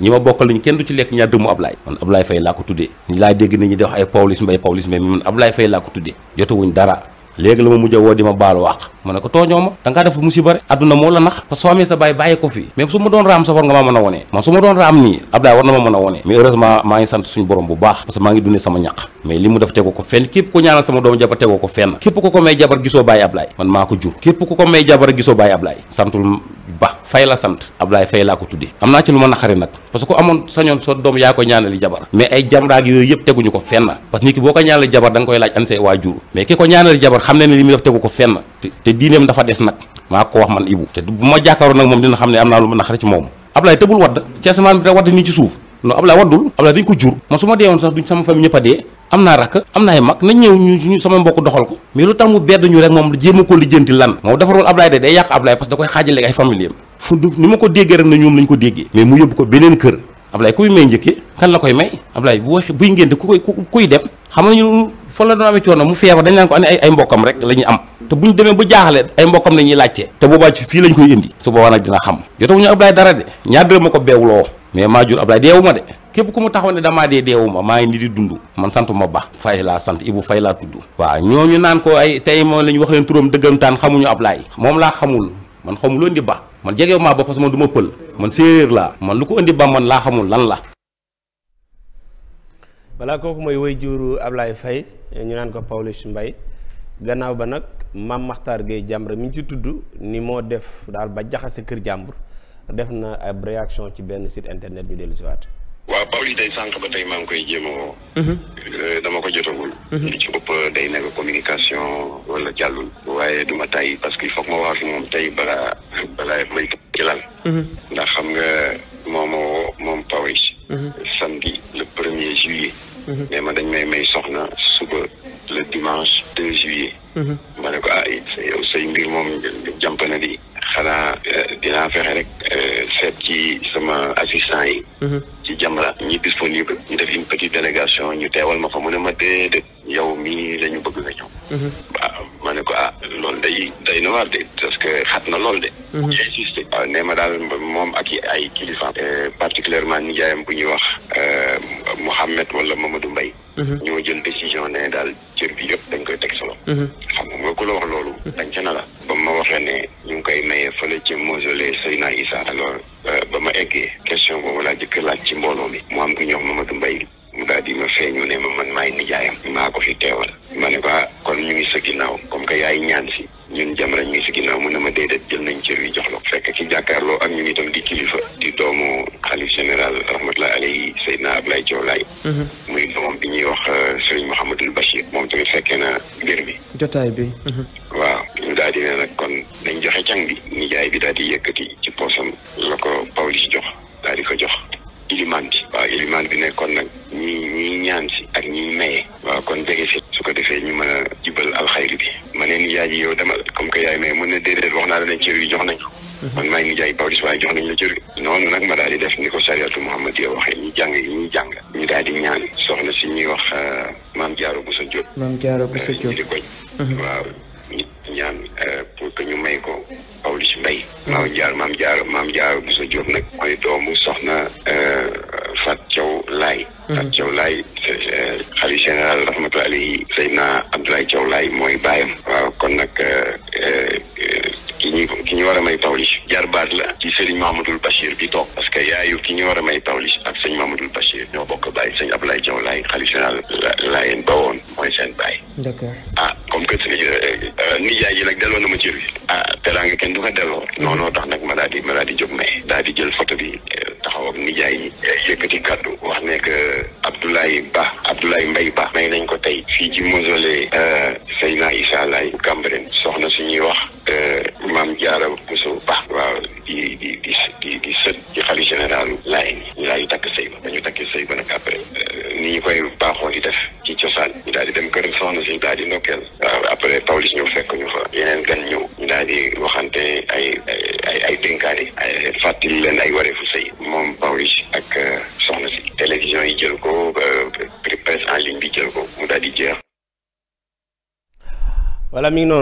Speaker 8: ñi ma bokk lañu kenn du ci lekk ñaar dëmmu Ablaye man Ablaye Faye laa ko tuddee ñu man Ablaye Faye laa ko tuddee jotewuñ dara léegi la ma mujj a woo di ma baalu wax ma ne ko tooñoo ma da ngaa def musiba rek adduna moo la nax parce soo amee sa bàyyi bàyyi ko fi même su ma doon raam sa war nga maa mën a wonee man su ma doon raam nii Ablaye war na ma mën a wonee mais heureusement maa ngi sant suñu borom bu baax parce maa ngi dundee sama ñaq mais li mu def tegoo ko fenn képp ko ko may jabar gisoo ba fay la sant Ablaye Faye laa ko tuddee am naa ci lu ma naqari nag parce que amoon sañoon sa doom yaa ko ñaanali jabar mais ay jamraag yooyu yëpp teguñu ko fenn parce nit ki boo ko ñaanali jabar da koy laaj an see waajur mais ki ko ñaanali jabar xam ne ne li mu def tegu ko fenn te diineem dafa des nag maa ko wax man Ibou te bu ma jàkkaaroon nag moom dina xam ne am naa lu ma naqari ci moom Ablaye tëbul wadd ci asamaan bi da wadd nii ci suuf am naa rakk am naay mag nañ ñëw ñu sama mbokk doxal ko mais lu tax mu bedd ñu rek moom jéem ko lijjanti lan moom defaroon Ablaye de day yàq Ablaye parce que da koy xaajale ay famille am fu ni ma ko déggee rek na ñoom lañ ko déggee mais mu yóbbu ko beneen kër Ablaye kuy may njëkkee kan la koy may Ablaye bu wax buy ngénte ku koy kuy dem xam nañu fa la doon amee coono mu feebar dañ leen ko andi ay ay mbokkam rek la ñuy am te bu ñu demee bu jaaxle ay mbokkam la ñuy laajte te boobaa ci fii lañ koy indi su boobaa nag dina xam jotawuñu Ablaye dara de ñaar dërëm ma ko beewloo mais maa jur Ablaye deewu ma de képp ku mu taxaw ne damaa dee deewu ma maa indi di dund man sant ma ba fay laa sant bu fay laa tuddu waa ñoo ñu naan ko ay tey moom la ñu wax leen turam dëggantaan xamuñu Ablaye moom laa xamul man xamu lu indi ba man jege maa ba parce que du ma pël man séeréer laa man lu ko indi ba man laa xamul
Speaker 6: lan
Speaker 12: la kooku mooy woy juru Ablaye Faye ñu naan ko Pawlish Mbaye gannaaw ba nag maam maxtar Gueye Jamra mi ngi ci tudd ni moo def daal ba jaxasee kër jàmbur def na ab réaction ci benn site internet ñu dellu si waat.
Speaker 14: waaw Pawlish day sànq ba tey maa ngi koy jéem a mhm. euh, dama ko jotagul. Mhm. li ci ëpp day nekk communication wala jàllul. waaye duma tay parce que il faut que ma wax ak moom tey balaa balaa may jëlal. Mhm. ndax xam nga moom moo moom Pawlish. samedi le premier juillet. mais man dañ may may soxna suba. le dimanche deux juillet ma ne ko ah yow say mbir moom jàmp na di xanaa euh, dina fexe rek euh, seet ci sama assistant yi. Mhm. ci Jamra ñi disponible ñu def une petite délégation ñu teewal ma fa mu ne ma déedéet yow mii la ñu bëgg nga ñëw. waaw mhm. ma ne ko ah loolu day day na waar de parce que xat na lool de. Mhm. j'ai insisté waaw ah, ma daal moom ak ay kilifa. Euh, particulièrement nijaayam bu ñuy wax Mouhamed wala Mamadou Mbaye. ñoo jël décision ne daal cër bi yëpp dañ koy teg solo.
Speaker 5: xam
Speaker 14: nga ko la wax loolu. dañ ca na ba ma waxee koy maye fële ci mausolée Seyna Issa alors euh, ba ma eggee question boobu laa jëkk laaj ci mbooloo mu am ku ñëw mu daal di ma feeñu ne ma man maay nijaayam maa ko fi teewal ma ne ko ah, kon ñu ngi sa ginnaaw comme que yaay ñaan si ñun jam rek ñu ngi si ginnaaw mu ne ma déedéet jël nañ cër yi jox la ko fekk ci jàkkaarloo ak ñun itam di kilifa di doomu xalif général rahmatullahi alayhi Seydina Ablaye Thiaw Laye mhm. muy doomam bi ñuy wax euh, Serigne Mouhamadul Bachir moom tamit fekkee na mbir mi jotaay di yëkkati ci poosam la ko Pawlish jox daal di ko jox ilimaan bi waaw ilimaan bi nekkoon nag ñi ñi ñaan si ak ñi maye waaw kon jege si su ko defee ñu mën a jibal alxayri bi ma ne nijaay ji yow demal comme que yaay may mën na déedéet wax naa nañ ne cër yi jox nañ ko mhm. man maay nijaay Pawlish waaye jox nañ la cër yi noonu ma daal di def ni ko sariatu Muhammad yo waxee ñu jàng yi ñuy jàng ñu daal di ñaan soxna si ñuy wax euh, maam jaaro bu sa jóob maam jaaro bu sa jóob waaw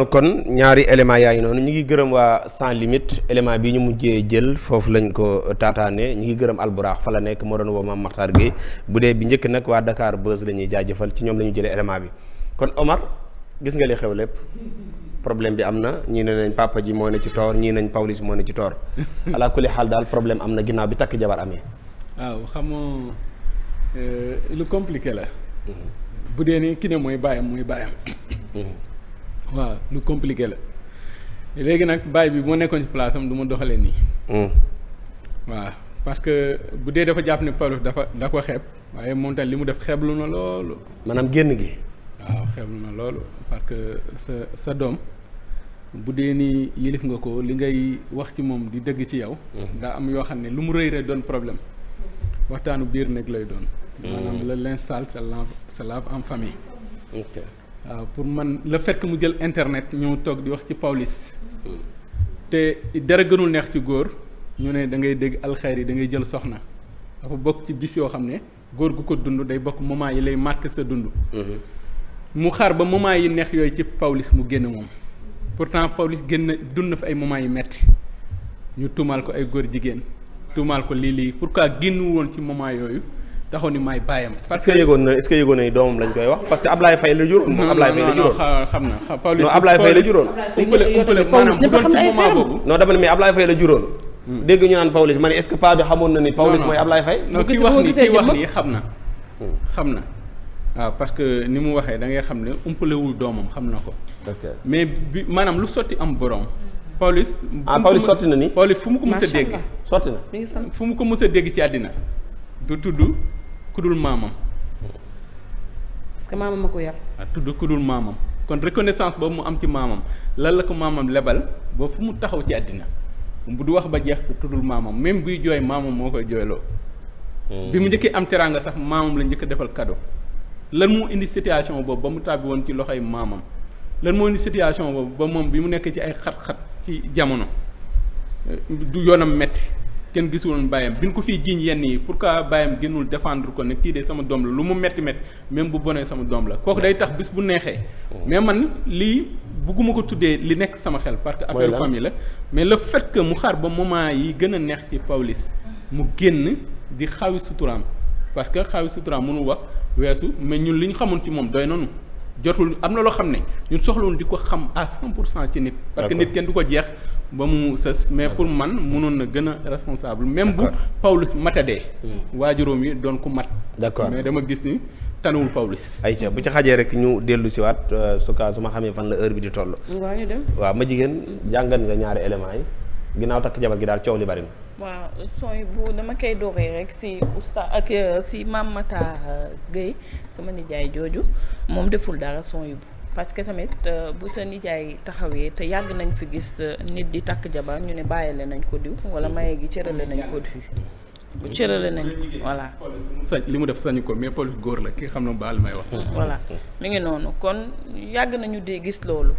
Speaker 12: kon ñaari élément yaa ngi noonu ñu ngi gërëm waa sans limite élément bi ñu mujjee jël foofu lañ ko taataane ñu ngi gërëm alburaax fa la nekk moo doon woo maam Maxtaar gi bu dee bi njëkk nag waa dakaar Buzz la ñuy jëfal ci ñoom la ñu jëlee élément bi kon Omar gis nga li xew lépp problème bi am na ñii ne nañ papa ji moo ne ci toor ñii nañ Pawlish moo ne ci toor ala xaal daal problème am na ginnaaw bi takk jabar amee
Speaker 2: waaw xamoo euh, lu compliqué la mhm. compliqué la léegi nag baay bi moo nekkoon ci place am du ma doxalee nii. Hmm. waaw parce que bu dee dafa jàpp ne Pawlish dafa da xep waaye moom tamit li mu def xeeblu na loolu.
Speaker 12: maanaam génn gi.
Speaker 2: waaw xeeblu na loolu parce que sa sa doom bu dee ni yilif nga ko li ngay wax ci moom di dëgg ci yow. Hmm. daa am yoo xam ne lu mu rëy rek doon problème waxtaanu biir nag lay doon. Hmm. maanaam le linge sale lave en famille. waaw euh, pour man la fekk mu jël internet ñëw toog di wax ci Pawlish te dara gënul neex ci góor ñu ne da ngay dégg alxeer yi da ngay jël soxna dafa bokk ci bis yoo xam ne góor gu ko dund day bokk moment yi lay marqué sa dund mhm. mu xaar ba moment yi neex yooyu ci Pawlish mu génne moom pourtant Pawlish génn dund na fa ay moment yi metti ñu tuumaal ko ay góor jigéen tuumaal ko lii lii pourquoi génn woon ci moment yooyu taxaw ni maay bàyyam.
Speaker 12: parce que est ce que yëgoon na est ce que yëgoon na doomam lañ koy wax parce que Ablaye Faye la juróon. moom Ablaye Faye la juróon xam na Pawlish non Ablaye Faye la juróon. umpale umpale maanaam bu doon
Speaker 8: ci moment boobu.
Speaker 12: non dama ne mais Ablaye Faye la juróon. Hmm. dégg ñu naan Pawlish ma ne est ce que paa bi xamoon na ni. Pawlish mooy Ablaye Faye. non kii wax ni kii wax ni xam na hmm. xam na. waaw ah,
Speaker 2: parce que ni mu waxee da ngay xam ne umpalewul doomam xam na ko. mais bi maanaam lu sotti am borom. Pawlish. ah Pawlish sotti na ni. Pawlish fu mu ko mës a dégg. sotti na fu mu ko mës a dégg ci àddina du tudd ku dul maamam.
Speaker 1: parce que maamam ma ko yar.
Speaker 2: ah tudd ku dul maamam kon reconnaissance boobu mu am ci maamam lan la ko maamam lebal ba fu mu taxaw ci àddina du wax ba jeex tuddul maamam même buy jooy maamam moo koy jooyloo. Hmm. bi mu njëkkee am teraanga sax maamam la njëkk defal cadeau. lan moo indi situation boobu ba mu tàbbi woon ci loxoy maamam lan moo indi situation boobu ba moom bi mu nekk ci ay xat-xat ci jamono eh, du yoonam metti kenn gisuloon bàyyam bi ñu ko fiy jiiñ yenn yi pourquoi bàyyam génnul défendre ko ne kii de sama doom la lu mu métti métti même bu bonee sama doom la kooku day tax bis bu neexee oh. mais man lii bëgguma ko tuddee li nekk sama xel parce que affaire famille la mais le fait que mu xaar ba moment yi gën a neex ci powlis mu génn di xawi suturaam parce que xawi suturaam mënul wax weesu mais ñun li ñu xamoon ci moom doy noonu jotul am na loo xam ne ñun soxlawul di ko xam à cent pour cent nit parce que kenn du ko jeex ba mu sës mais pour man mënoon na gën a responsable même bu Paulus matadee hmm. waajuróom
Speaker 12: yi doon ku mat d'accord mais dama gis ni tanuwul Paulus ayca bu ci xajee rek ñu dellu si waat euh, su kaa su ma xamee fan la heure bi di toll waaw ñu dem waaw ma jigéen jàngat nga ñaari éléments yi ginnaaw takk jabar gi daal coow li bari na
Speaker 4: waaw sooy bu dama koy dooree rek si usta ak euh, si maam Matar euh, Gueye sama nijaay jooju moom deful dara son yu bu parce que tamit euh, bu sa nijaay taxawee te yàgg nañu fi gis euh, nit di takk jabar ñu ne bàyyile nañ ko diw wala maye gi cërale nañ ko diw bu cërale nañ voilà
Speaker 2: sañ li mu def sañu ko mais politique góor la ki xam ne na baal may wax voilà
Speaker 4: mi ngi noonu kon yàgg nañu dee gis loolu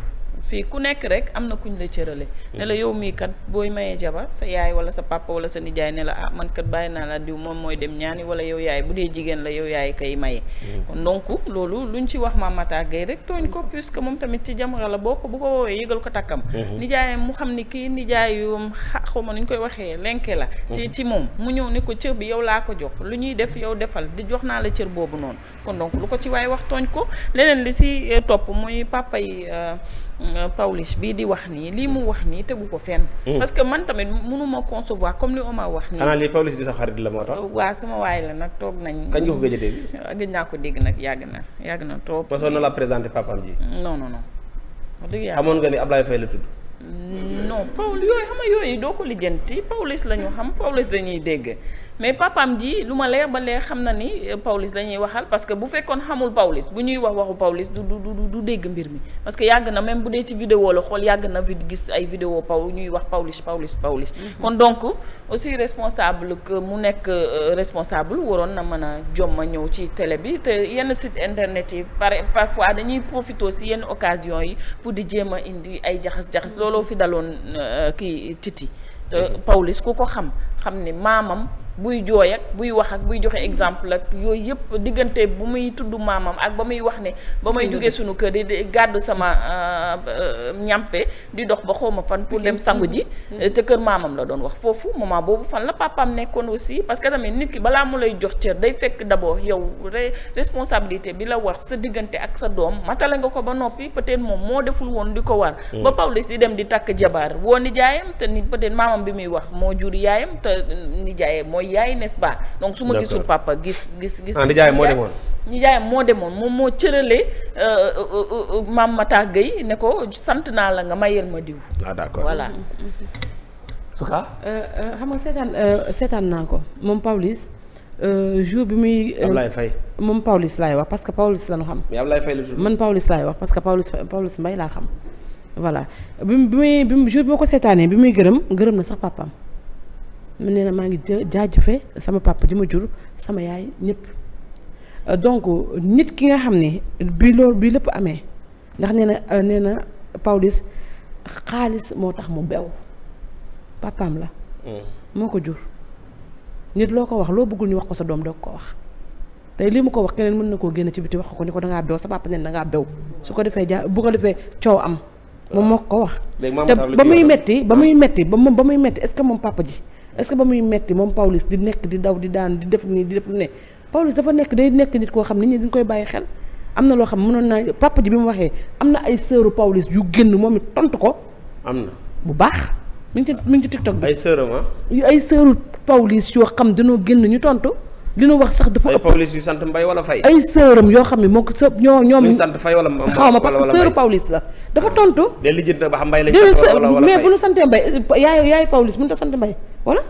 Speaker 4: fii ku nekk rek am na kuñ la cërale mm-hmm. ne la yow mii kat booy mayee jabar sa yaay wala sa papa wala sa nijaay ne la ah man kat bàyyi naa la diw moom mooy dem ñaani wala yow yaay bu dee jigéen la yow yaay kay maye mm-hmm. kon donc loolu luñ ci wax Mame Matar Gueye rek tooñ ko puisque moom tamit ci Jamra la boo bu ko woowee yëgal ko takkam mm-hmm. nijaayam mu xam ni kii nijaayum xawma nuñ koy waxee lenke la ci ci moom mu ñëw ni ko cër bi laa ko jox lu ñuy def yow defal di jox naa la cër boobu noonu kon donc lu ko ci waaye wax tooñ ko leneen li si eh, topp muy papa yi euh, Euh, Pawlish bii di wax nii lii mu wax nii tegu ko fen hmm. parce que man tamit mënuma concevoir comme li Omar wax nii. xanaa lii Pawlish
Speaker 12: di sa xarit la moo tax. Euh, waaw sama waay
Speaker 4: la nag toog nañ kañ nga ko gëj a dégg. gëj naa ko dégg nag yàgg na yàgg na trop. mosoon na la présenté papaam ji. non non non. wax dëgg yàlla xamoon nga
Speaker 12: ni Ablaye Faye la tudd.
Speaker 4: Mm, non Paul yooyu xam nga yooyu doo ko lijjanti Pawlish la ñu xam Pawlish dañuy dégg. mais papam ji lu ma leer ba xam na ni euh, Pawlish la ñuy waxal parce que bu fekkoon xamul Pawlish bu ñuy wax waxu Pawlish du du dégg mbir mi parce que yàgg na même bu dee ci vidéo la xool yàgg na vid gis ay vidéo paw ñuy wax Pawlish pawlis Pawlish mm-hmm. kon donc aussi responsable que mu nekk euh, responsable waroon na mën a jomma ñëw ci télé bi te yenn site internet yi par parfois dañuy profité si yenn occasion yi pour di jéem a indi ay jaxas-jaxas mm-hmm. looloo fi daloon euh, kii Titi mm-hmm. Pawlish ku ko xam xam ne maamam buy jooy ak buy wax ak buy joxe exemple ak yooyu yëpp diggante bu muy tudd maamam ak ba muy wax ne ba may jógee sunu kër di gàddu sama euh, ñampe di dox ba xaw ma fan pour dem sangu ji te kër maamam la doon wax foofu moment boobu fan la papaam nekkoon aussi parce que tamit nit ki balaa mu lay jox cër day fekk d'abord yow responsabilité bi la war sa diggante ak sa doom matale nga ko ba noppi peut moom moo deful woon di ko war mm. ba Pawlish di dem di takk jabaar woo nijaayam te ni peut bi muy wax moo jur yaayam te nijaayam mooy yaay n'est-ce pas donc su ma gisul papa gis gis gis ah, nijaay moo demoon nijaay moo demoon moom moo cëralee euh, euh, euh, maam Mata Gueye ne ko sant naa la nga mayel ma diw ah d'accord voilà
Speaker 1: suka xam nga seetaan seetaan naa ko moom Pawlish jour bi muy. Ablaye Faye moom Pawlish laay wax parce que Pawlish xam. mais Ablaye Faye la jour man Pawlish laay wax parce que Pawlish Pawlish Mbaye laa xam. voilà bi bi muy jour bi ma ko seetaanee bi muy gërëm gërëm na sax papaam. mu ne na maa ngi jaajëfe sama papa ji ma jur sama yaay ñëpp euh, donc nit ki nga xam ne bii loolu bii lépp amee ndax nee na euh, nee na Pawlish xaalis moo tax mu bew papaam la mm. moo ko jur nit loo ko wax loo bëggul ñu wax ko sa doom doo ko wax te lii mu ko wax keneen mën na koo génn ci biti wax ko ni ko dangaa bew sa papa nen dangaa bew su ko defee ja bu ko defee coow am moom moo ko wax te ba muy metti ba muy metti ba mu ba muy metti est-ce que moom papa ji est que ba muy metti moom Pawlish di nekk di daw di daan di def nii di def lu ne Pawlish dafa nekk day nekk nit koo xam nit ñi dañ koy bàyyi xel am na loo xam mënoon naa papa ji bi mu waxee am na ay sœuru Pawlish yu génn moom it tontu ko. am na bu baax. mi ngi ci mi ngi ci TikTok bi ay sœuram ah? ay sœuru yoo xam dañoo génn ñu tontu. li nu wax sax dafa ëpp ay yu sant Mbaye wala Faye. ay sëram yoo xam ne moo ko sa ñoo ñoom. sant Faye wala Mbaye xaw ma parce que sëru Pawlish la. dafa ah. tontu. de lijjit na ba xam Mbaye lañ sant wala wala mais bu nu santee Mbaye yaay yaay Pawlish mënut a sant Mbaye wala.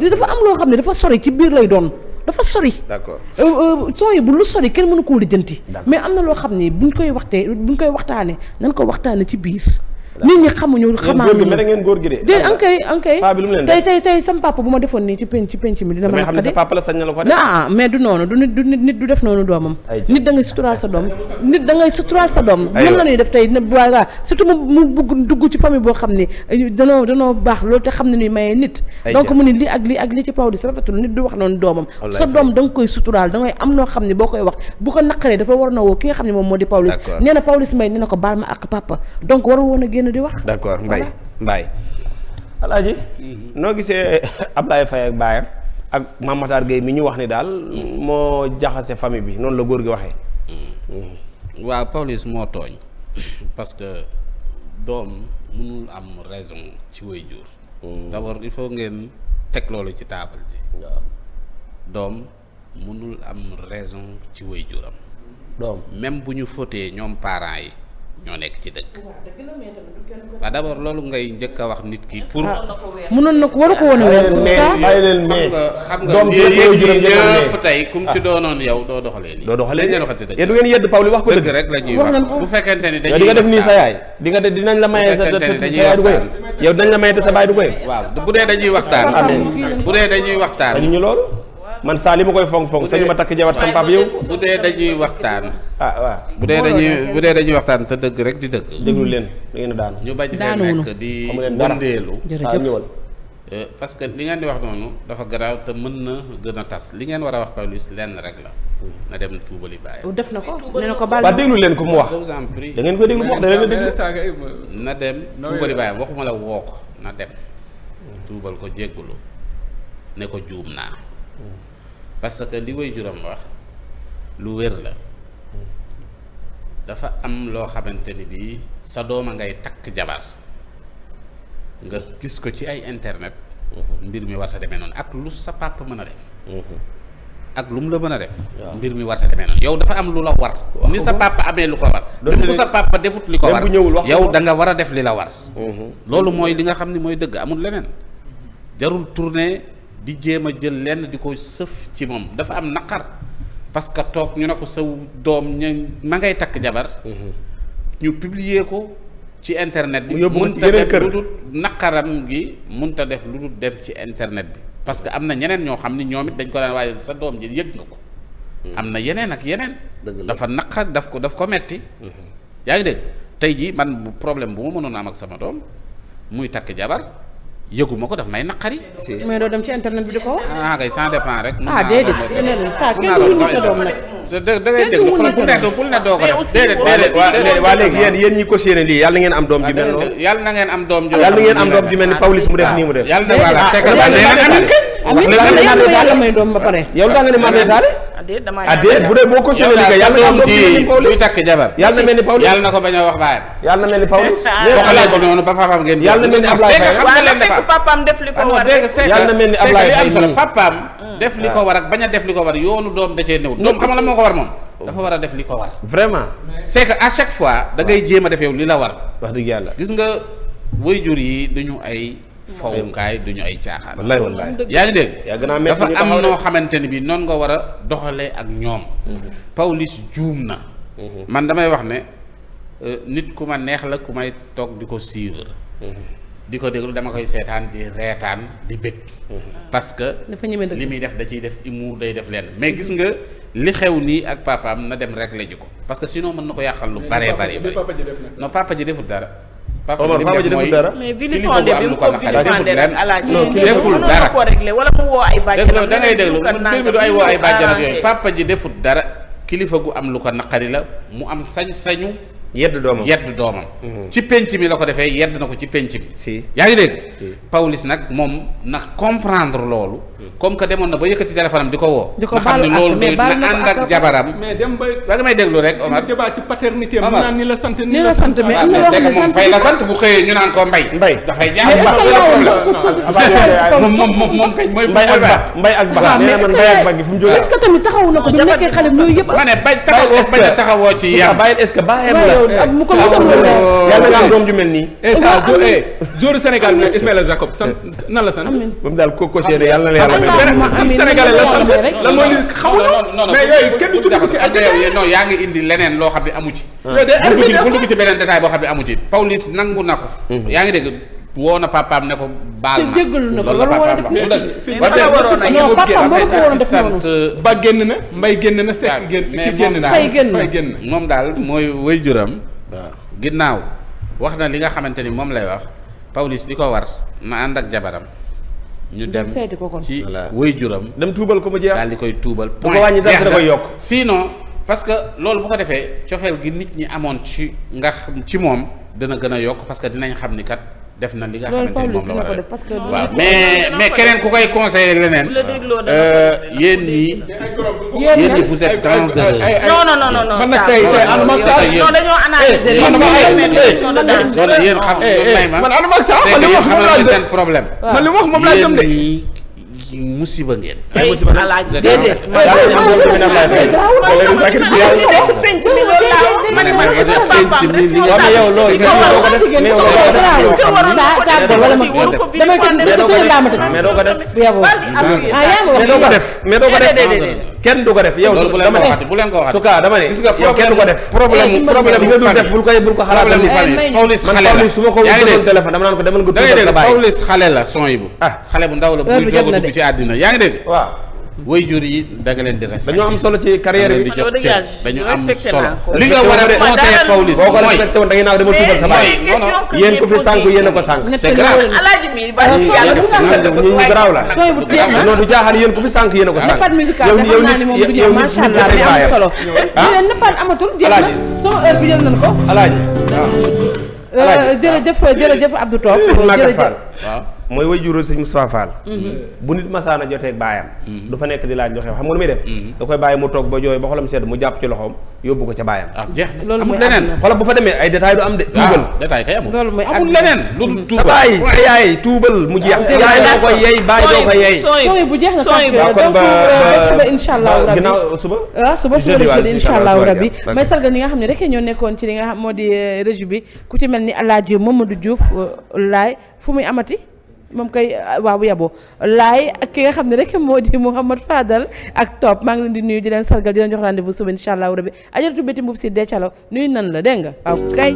Speaker 1: dafa am loo xam ne dafa sori ci biir lay doon. dafa sori. d'accord euh, euh, soo yi bu lu sori kenn mënu koo lijjanti. mais am na loo xam ne buñ koy waxtee buñ koy waxtaanee nañ ko waxtaanee ci biir. nit ñi xamuñu xamaa ñu mere ankay tey tey tey bu ma defoon nii ci penc ci penc mi dina ma xam na da ngay suturaal sa doom nit da ngay suturaal sa doom moom am noo xam ne boo koy wax bu ko naqaree dafa war na woo ki nga xam ne moom moo di Pawlish nee na Pawlish Mbaye ko baal ma ak papa donc war woon a génn génn di wax.
Speaker 12: d' accord Mbaye Mbaye. alaaji noo gisee Ablaye Faye ak baayam ak Mame Matar mi ñu wax ni daal moo jaxase famille bi noonu la góor gi waxee. Mm. waaw Pawlish
Speaker 3: moo tooñ parce que doom mënul am raison ci waajur. Mm. d' il faut ngeen teg ci taabal doom mënul am raison ci waajuram. doom même bu ñu fóotee ñoom parents yi. ñoo nekk ci dëkk
Speaker 1: waaw d'abord loolu
Speaker 3: ngay njëkk a wax nit kii pour. Ah,
Speaker 7: mënoon na ko waru ko woon a weer. mais xam nga ñëpp
Speaker 3: tey kum ci ah. doonoon yow doo doxalee nii. doo doxalee nii yéen du ngeen yedd Pawlish wax ko dëgg rek la ñuy wax bu fekkente ni dañuy di nga def nii sa yaay
Speaker 12: di nga def dinañ la
Speaker 3: maye sa sa yaay
Speaker 12: yow dinañ la maye sa baay du ko yëg.
Speaker 3: waaw bu dee dañuy waxtaan. bu dee dañuy waxtaan. ñu loolu. man saa li ma koy fonk fonk sañu ma takk jabar sama papa yow bu dee dañuy waxtaan ah waaw bu dee dañuy bu dee dañuy waxtaan te dëgg rek di dëgg déglu leen da ngeen daanu ñu bañ fee nekk di wëndeelu ah, ñëwal euh, parce que li ngeen di wax noonu dafa garaaw te mën na gën a tas li ngeen war a wax Pawlish lenn rek la na dem tuubali bàyyi
Speaker 1: def na ko nee ko baal waa déglu leen ko mu wax da ngeen
Speaker 3: koy déglu mu wax da ngeen déglu na dem tuubali bàyyi waxuma la woo ko na dem tuubal ko jéggulu ne ko juum naa parce que li way juram wax lu wér la dafa am loo xamante ni bii sa dooma ngay takk jabar nga gis ko ci ay internet mhm. mbir mi sa demee noonu ak lu sa papa mën a def mhm. ak lu mu la mën a def mbir mi warta demee noonu yow dafa am lu la war ni sa papa amee lu ko war même bu yow danga war a def li la war
Speaker 5: mhm. loolu mooy li
Speaker 3: nga xam ne mooy dëgg amul leneen jarul tourner di jéem a jël lenn di ko sëf ci moom dafa am naqar parce que toog ñu ne ko saw doom ñu ma ngay takk jabar mm-hmm. ñu publier ko ci internet bi munta def lu dul naqaram gi munta def lu dul dem ci internet bi parce que am na ñeneen ñoo xam ni ñoom it dañ ko daan waaye sa doom ji yëg nga ko mm-hmm. am na yeneen ak yeneen dafa naqar daf ko daf ko metti mm-hmm. yaa ngi dégg tey jii man problème bu ma mënoon am ak sama doom muy takk jabar yëguma ko daf may naqari. mais
Speaker 1: doo dem ci internet bi di ko wax. ah
Speaker 3: kay sans dépend rek. ah déedéet saa kenn du wuñu sa doom nag. da ngay déglu xool bu nekk bu ne doo ko def.
Speaker 1: déedéet
Speaker 12: déedéet waa léegi yéen yéen ñi ko séenee lii yàlla ngeen am doom ji mel noonu.
Speaker 3: yàlla na ngeen am doom ji yàlla na ngeen am doom
Speaker 12: ji mel ni Pawlish mu def ah, nii mu def. yàlla na voilà c'est
Speaker 1: que yàlla may doom ba pare. yow daa nga ne maa daale. adé
Speaker 5: damaa yaakaar bu dee boo ko suñu liggéey yàlla na doom
Speaker 3: bi takk jabar. yàlla na mel ni Pawlish yàlla na ko bañ a wax baayam. yàlla na mel ni Pawlish. doxalee ko noonu ba faafam ngeen. yàlla na mel ni Ablaye Faye fekk
Speaker 4: papaam def li ko ah war yàlla mel ni Ablaye li am solo
Speaker 3: papaam mm. def li ko ah. war ak bañ a def li ko war yoonu doom da cee néew doom xam nga la moo ko war moom oh. dafa war a def li ko war vraiment c'est que à chaque fois da ngay jéem a def yow li la war wax dëgg yàlla gis nga waajur yi duñu ay mm. fawukaay duñu ay caaxaan wallaay wallaay yaa ngi dégg dafa am noo xamante ni bi noonu nga war a doxalee ak ñoom
Speaker 5: mm-hmm.
Speaker 3: Pawlish juum na
Speaker 5: mm-hmm. man
Speaker 3: damay wax ne euh, nit ku ma neex la ku may toog di ko suivre mm-hmm. di ko déglu dama koy seetaan di reetaan di bëgg. Mm-hmm. parce que li muy def da ciy def humour day def leen mais gis nga li xew nii ak papaam na dem régler ji ko parce que sinon mën na ko yàqal lu bare bare bare non papa ji deful dara papa ji deful dara mais vilipendé ko vilipendé rek alaaji
Speaker 4: da ngay déglu mbir mi du ay woo ay bàjjanam yooyu
Speaker 3: papa ji deful dara kilifa gu am lu ko naqari la mu am sañ-sañu yedd doomam yedd doomam. Mm-hmm. ci penc mi la ko defee yedd na ko ci pénc mi. si yaa ngi dégg. Pawlish nag moom na comprendre loolu. comme que demoon na ba yëkkati téléphone am di ko woo. di ko baal na loolu na ànd ak jabaram. la damay na loo ba
Speaker 2: mbay ak ba. waaw mais
Speaker 1: ko a taxawoo la. ko
Speaker 7: yàlla
Speaker 2: nga am doom sénégalais la lan mooy li xaw mais yooyu
Speaker 3: kenn du ci dugg yaa ngi indi leneen loo xam bi amu ci ah. bu dugg ci beneen détail boo xam ne amu ci Pawlish nangu na ko mhm. yaa ngi dégg woo na papaam ne ko baal ma loolu la papaam wax dëgg sant ba génn na mbay génn na sekk génn ki génn na fay génn na moom daal mooy way juram ginnaaw wax na li nga xamante ni moom lay wax Pawlish di ko war na ànd ak jabaram ñu dem ko ci way juram dem tuubal ko ma jeex daal li koy tuubal point ko wàññi dara da koy yokk sinon parce que loolu bu ko defee cofeel gi nit ñi amoon ci nga ci moom dana gën a yokk parce que dinañ xam ni kat def na li nga moom la war a def
Speaker 1: mais mais keneen ku koy conseiller leneen euh,
Speaker 3: yéen ñii
Speaker 11: yéen ñii vous êtes dangereux. non non man nag tey tey ànduma ak eh, xam eh, eh, may ma man ànduma ak man li mu wax
Speaker 3: problème man li mu wax moom laa de musiba ngeen.
Speaker 4: ay alaaj déedéet.
Speaker 12: kenn du ko def yow dama ne bu leen ko waxati suka dama ne yow kenn du ko def problème problème nga dul def bul
Speaker 3: koy bul ko xalaat Pawlish xale la su ma ko téléphone dama naan ko demal nga tuddal sa baay Pawlish xale la son yi bu ah xale bu ndaw la bu ci àddina yaa ngi dégg. waaw way yi da nga leen di respecté. dañoo am solo ci carrière bi dañu am solo. li nga war a conseiller
Speaker 12: Pawlish mooy boo ko respecté woon da ngeen naan dama tuubal sama yéen ko fi sànq yéen a ko sànq. c'est grave
Speaker 1: ñu garaaw a non du
Speaker 12: jaaxal yéen ko fi sànq yéen a ko sànq. yow ni yow nit a nit ñu ngi
Speaker 1: koy bàyyi ah. a jërëjëf jërëjëf Abdou
Speaker 12: mooy way juróol sëñ Moustapha Fall mm-hmm. bu nit masaana joteeg baayam mm-hmm. du fa nekk di laaj joxe xam nga nu may def mm-hmm. da koy bàyyi mu toog ba jooy ba xolam sedd mu jàpp ci loxoom yóbbu ko ca baayam ah, amul leneen xolam bu fa demee ay détails du am
Speaker 3: ah, leneen lu dul tuubal sa baay
Speaker 12: mu jeex yaay doo ko yey baay doo ko yey bu
Speaker 1: jeex na tàkk donc euh, suba insha allahu rabbi ginnaaw euh, ah,
Speaker 7: suba waaw suba suba la jeudi insha allahu rabbi may sargal
Speaker 1: ñi nga xam ne rek ñoo nekkoon ci li nga xam moo di euh, régie bi ku ci mel ni ma Mamadou Diouf laay fu muy amati moom koy ah, waaw bu yaboo laay ak ki nga xam ne rek moo di Mouhamad Fadal ak Top maa ngi leen di nuyu di leen sargal di leen jox rendez-vous suba incha allah rabi ajaratu béti mbub si deecalaw nuyu nan la dégg nga waaw ah, kay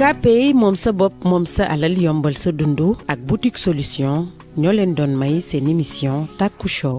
Speaker 1: KPI moom sa bopp moom sa alal yombal sa dundu ak boutique solution ñoo leen doon may seen émission Taku Show